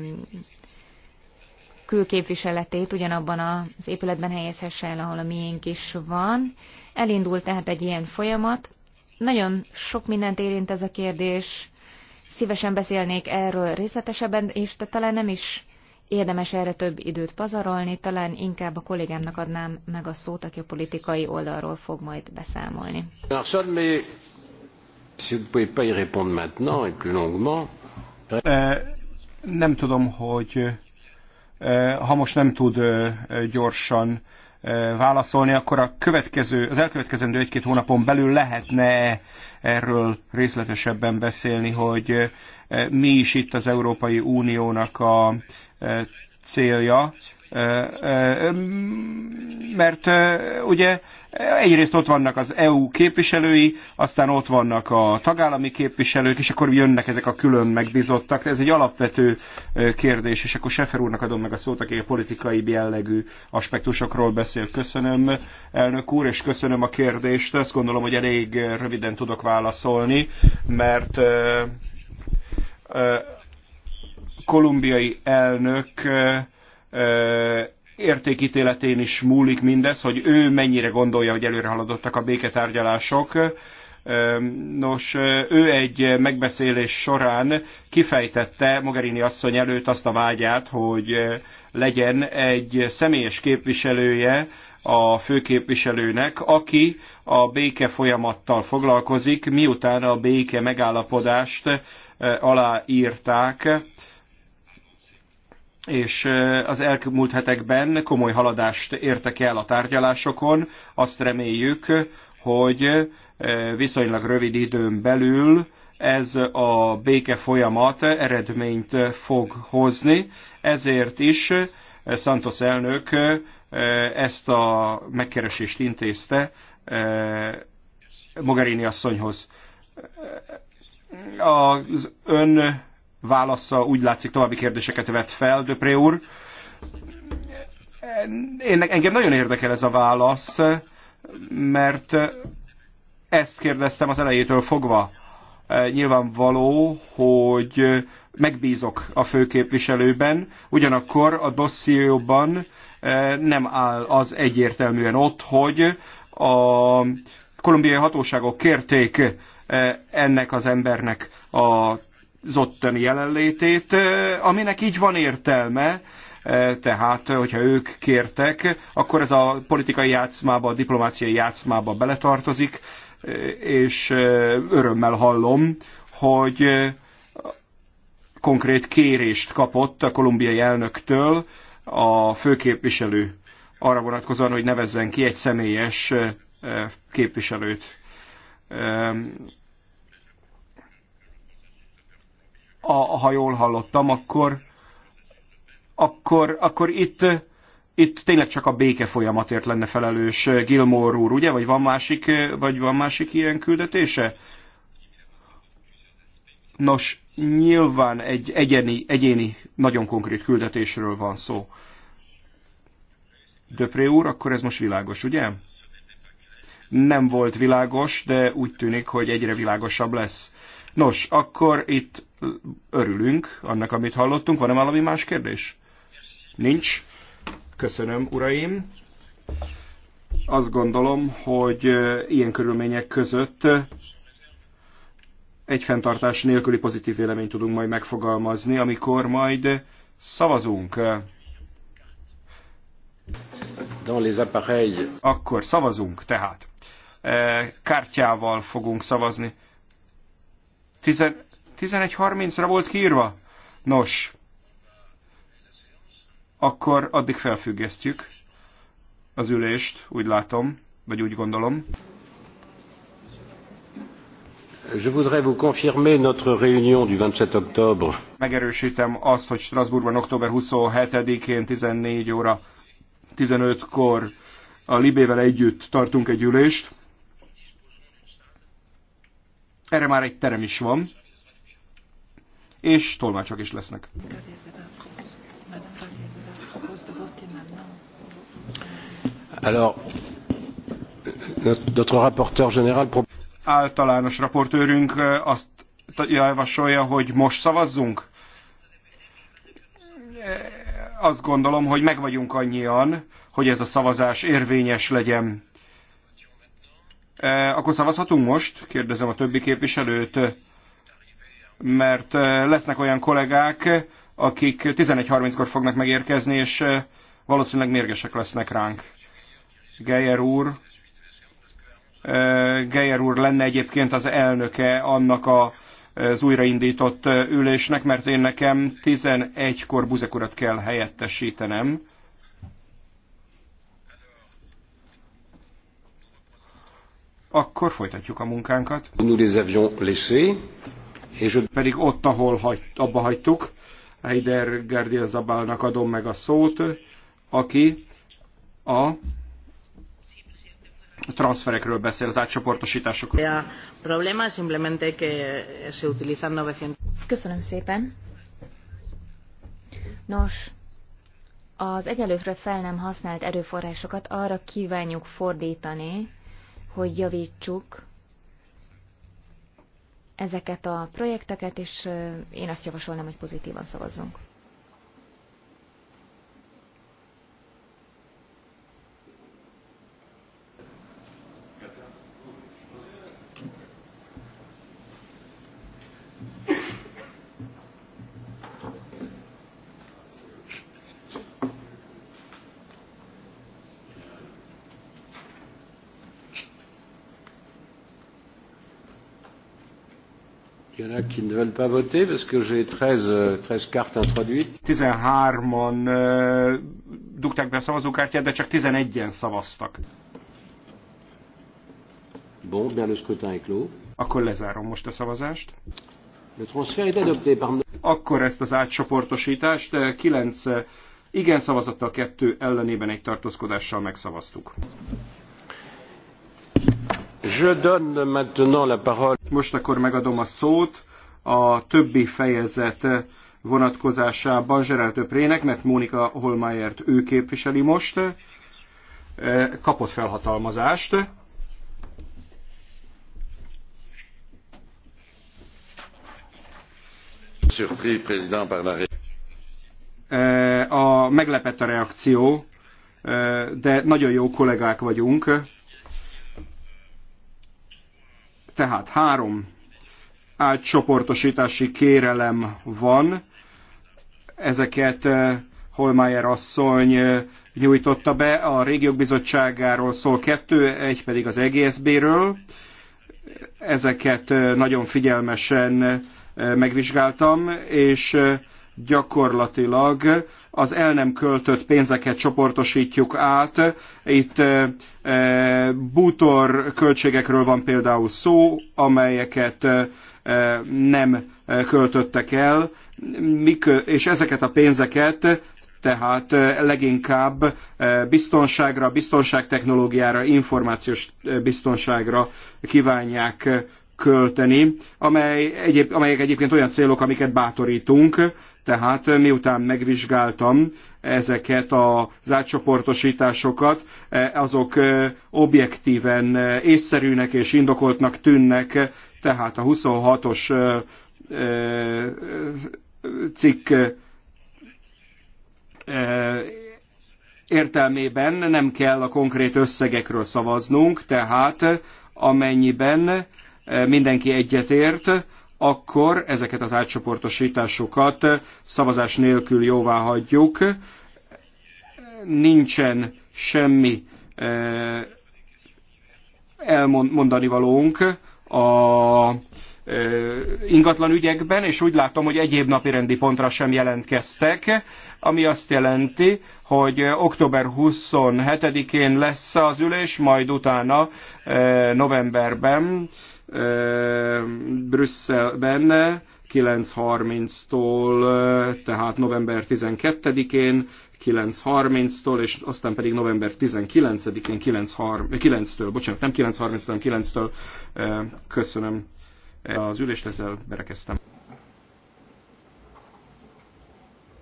külképviseletét ugyanabban az épületben helyezhesse el, ahol a miénk is van. Elindult tehát egy ilyen folyamat. Nagyon sok mindent érint ez a kérdés. Szívesen beszélnék erről részletesebben, és te talán nem is érdemes erre több időt pazarolni, talán inkább a kollégámnak adnám meg a szót, aki a politikai oldalról fog majd beszámolni. Eh, nem tudom, hogy ha most nem tud gyorsan válaszolni, akkor a következő, az elkövetkezendő egy-két hónapon belül lehetne erről részletesebben beszélni, hogy mi is itt az Európai Uniónak a célja, mert ugye egyrészt ott vannak az EU képviselői, aztán ott vannak a tagállami képviselők, és akkor jönnek ezek a külön megbizottak. Ez egy alapvető kérdés, és akkor Sefer úrnak adom meg a szót, aki a politikai jellegű aspektusokról beszél. Köszönöm, elnök úr, és köszönöm a kérdést. Azt gondolom, hogy elég röviden tudok válaszolni, mert kolumbiai elnök értékítéletén is múlik mindez, hogy ő mennyire gondolja, hogy előre haladottak a béketárgyalások. Nos, ő egy megbeszélés során kifejtette Mogherini asszony előtt azt a vágyát, hogy legyen egy személyes képviselője a főképviselőnek, aki a béke folyamattal foglalkozik, miután a béke megállapodást aláírták és az elmúlt hetekben komoly haladást értek el a tárgyalásokon. Azt reméljük, hogy viszonylag rövid időn belül ez a béke folyamat eredményt fog hozni, ezért is Santos elnök ezt a megkeresést intézte Mogherini asszonyhoz. Az ön válasza úgy látszik további kérdéseket vett fel, Döpré úr. Én, engem nagyon érdekel ez a válasz, mert ezt kérdeztem az elejétől fogva. Nyilvánvaló, hogy megbízok a főképviselőben, ugyanakkor a dosszióban eh, nem áll az egyértelműen ott, hogy a kolumbiai hatóságok kérték eh, ennek az embernek a ottani jelenlétét, eh, aminek így van értelme, eh, tehát hogyha ők kértek, akkor ez a politikai játszmába, a diplomáciai játszmába beletartozik, eh, és örömmel hallom, hogy konkrét kérést kapott a kolumbiai elnöktől a főképviselő arra vonatkozóan, hogy nevezzen ki egy személyes képviselőt. Ehm, a, ha jól hallottam, akkor, akkor, akkor itt, itt tényleg csak a béke folyamatért lenne felelős Gilmore úr, ugye? Vagy van másik, vagy van másik ilyen küldetése? Nos, nyilván egy egyeni, egyéni, nagyon konkrét küldetésről van szó. Döpré úr, akkor ez most világos, ugye? Nem volt világos, de úgy tűnik, hogy egyre világosabb lesz. Nos, akkor itt örülünk annak, amit hallottunk. Van-e valami más kérdés? Nincs. Köszönöm, uraim. Azt gondolom, hogy ilyen körülmények között egy fenntartás nélküli pozitív véleményt tudunk majd megfogalmazni, amikor majd szavazunk. Akkor szavazunk tehát. Kártyával fogunk szavazni. 11.30-ra volt hírva? Nos, akkor addig felfüggesztjük az ülést, úgy látom, vagy úgy gondolom. Je voudrais vous confirmer notre réunion du 27 octobre. Megerősítem azt, hogy Strasbourgban október 27-én 14 óra 15-kor a Libével együtt tartunk egy ülést erre már egy terem is van, és tolmácsok is lesznek. Alors, notre rapporteur général... Általános raportőrünk azt javasolja, hogy most szavazzunk? Azt gondolom, hogy megvagyunk annyian, hogy ez a szavazás érvényes legyen. Eh, akkor szavazhatunk most? Kérdezem a többi képviselőt, eh, mert eh, lesznek olyan kollégák, akik 11.30-kor fognak megérkezni, és valószínűleg mérgesek lesznek ránk. Geyer úr, Geyer úr lenne egyébként az elnöke annak a, az újraindított ülésnek, mert én nekem 11-kor buzekurat kell helyettesítenem. Akkor folytatjuk a munkánkat. Nous les avions laissés, és pedig ott, ahol hagy, abba hagytuk, Heider Gerdia Zabálnak adom meg a szót, aki a transferekről beszél, az átcsoportosításokról. Köszönöm szépen. Nos, az egyelőre fel nem használt erőforrásokat arra kívánjuk fordítani, hogy javítsuk ezeket a projekteket, és én azt javasolnám, hogy pozitívan szavazzunk. Il y en a qui ne veulent pas voter parce que j'ai 13, 13 euh, cartes introduites. 13 euh, dugták be a szavazókártyát, de csak 11-en szavaztak. Bon, bien le scrutin est clos. Akkor lezárom most a szavazást. Le transfert est adopté par... Akkor ezt az átcsoportosítást 9 igen szavazattal, 2 ellenében egy tartózkodással megszavaztuk. Je donne maintenant la parole. Most akkor megadom a szót a többi fejezet vonatkozásában Gerard Töprének, mert Mónika Holmájert ő képviseli most, e, kapott felhatalmazást. E, a meglepett a reakció, e, de nagyon jó kollégák vagyunk, tehát három átcsoportosítási kérelem van, ezeket eh, Holmeier asszony eh, nyújtotta be, a régiók bizottságáról szól kettő, egy pedig az EGSB-ről. Ezeket eh, nagyon figyelmesen megvizsgáltam, és gyakorlatilag az el nem költött pénzeket csoportosítjuk át. Itt e, bútor költségekről van például szó, amelyeket e, nem költöttek el, mik, és ezeket a pénzeket tehát leginkább biztonságra, biztonságtechnológiára, információs biztonságra kívánják költeni, amely egyéb, amelyek egyébként olyan célok, amiket bátorítunk, tehát miután megvizsgáltam ezeket az átcsoportosításokat, azok objektíven észszerűnek és indokoltnak tűnnek, tehát a 26-os cikk értelmében nem kell a konkrét összegekről szavaznunk, tehát amennyiben mindenki egyetért, akkor ezeket az átcsoportosításokat szavazás nélkül jóvá hagyjuk. Nincsen semmi eh, elmondani valónk a eh, ingatlan ügyekben, és úgy látom, hogy egyéb napi rendi pontra sem jelentkeztek, ami azt jelenti, hogy október 27-én lesz az ülés, majd utána eh, novemberben Brüsszelben 9.30-tól, tehát november 12-én 9.30-tól, és aztán pedig november 19-én 9-től, eh, bocsánat, nem 9.30, hanem 9-től. Köszönöm az ülést, ezzel berekeztem.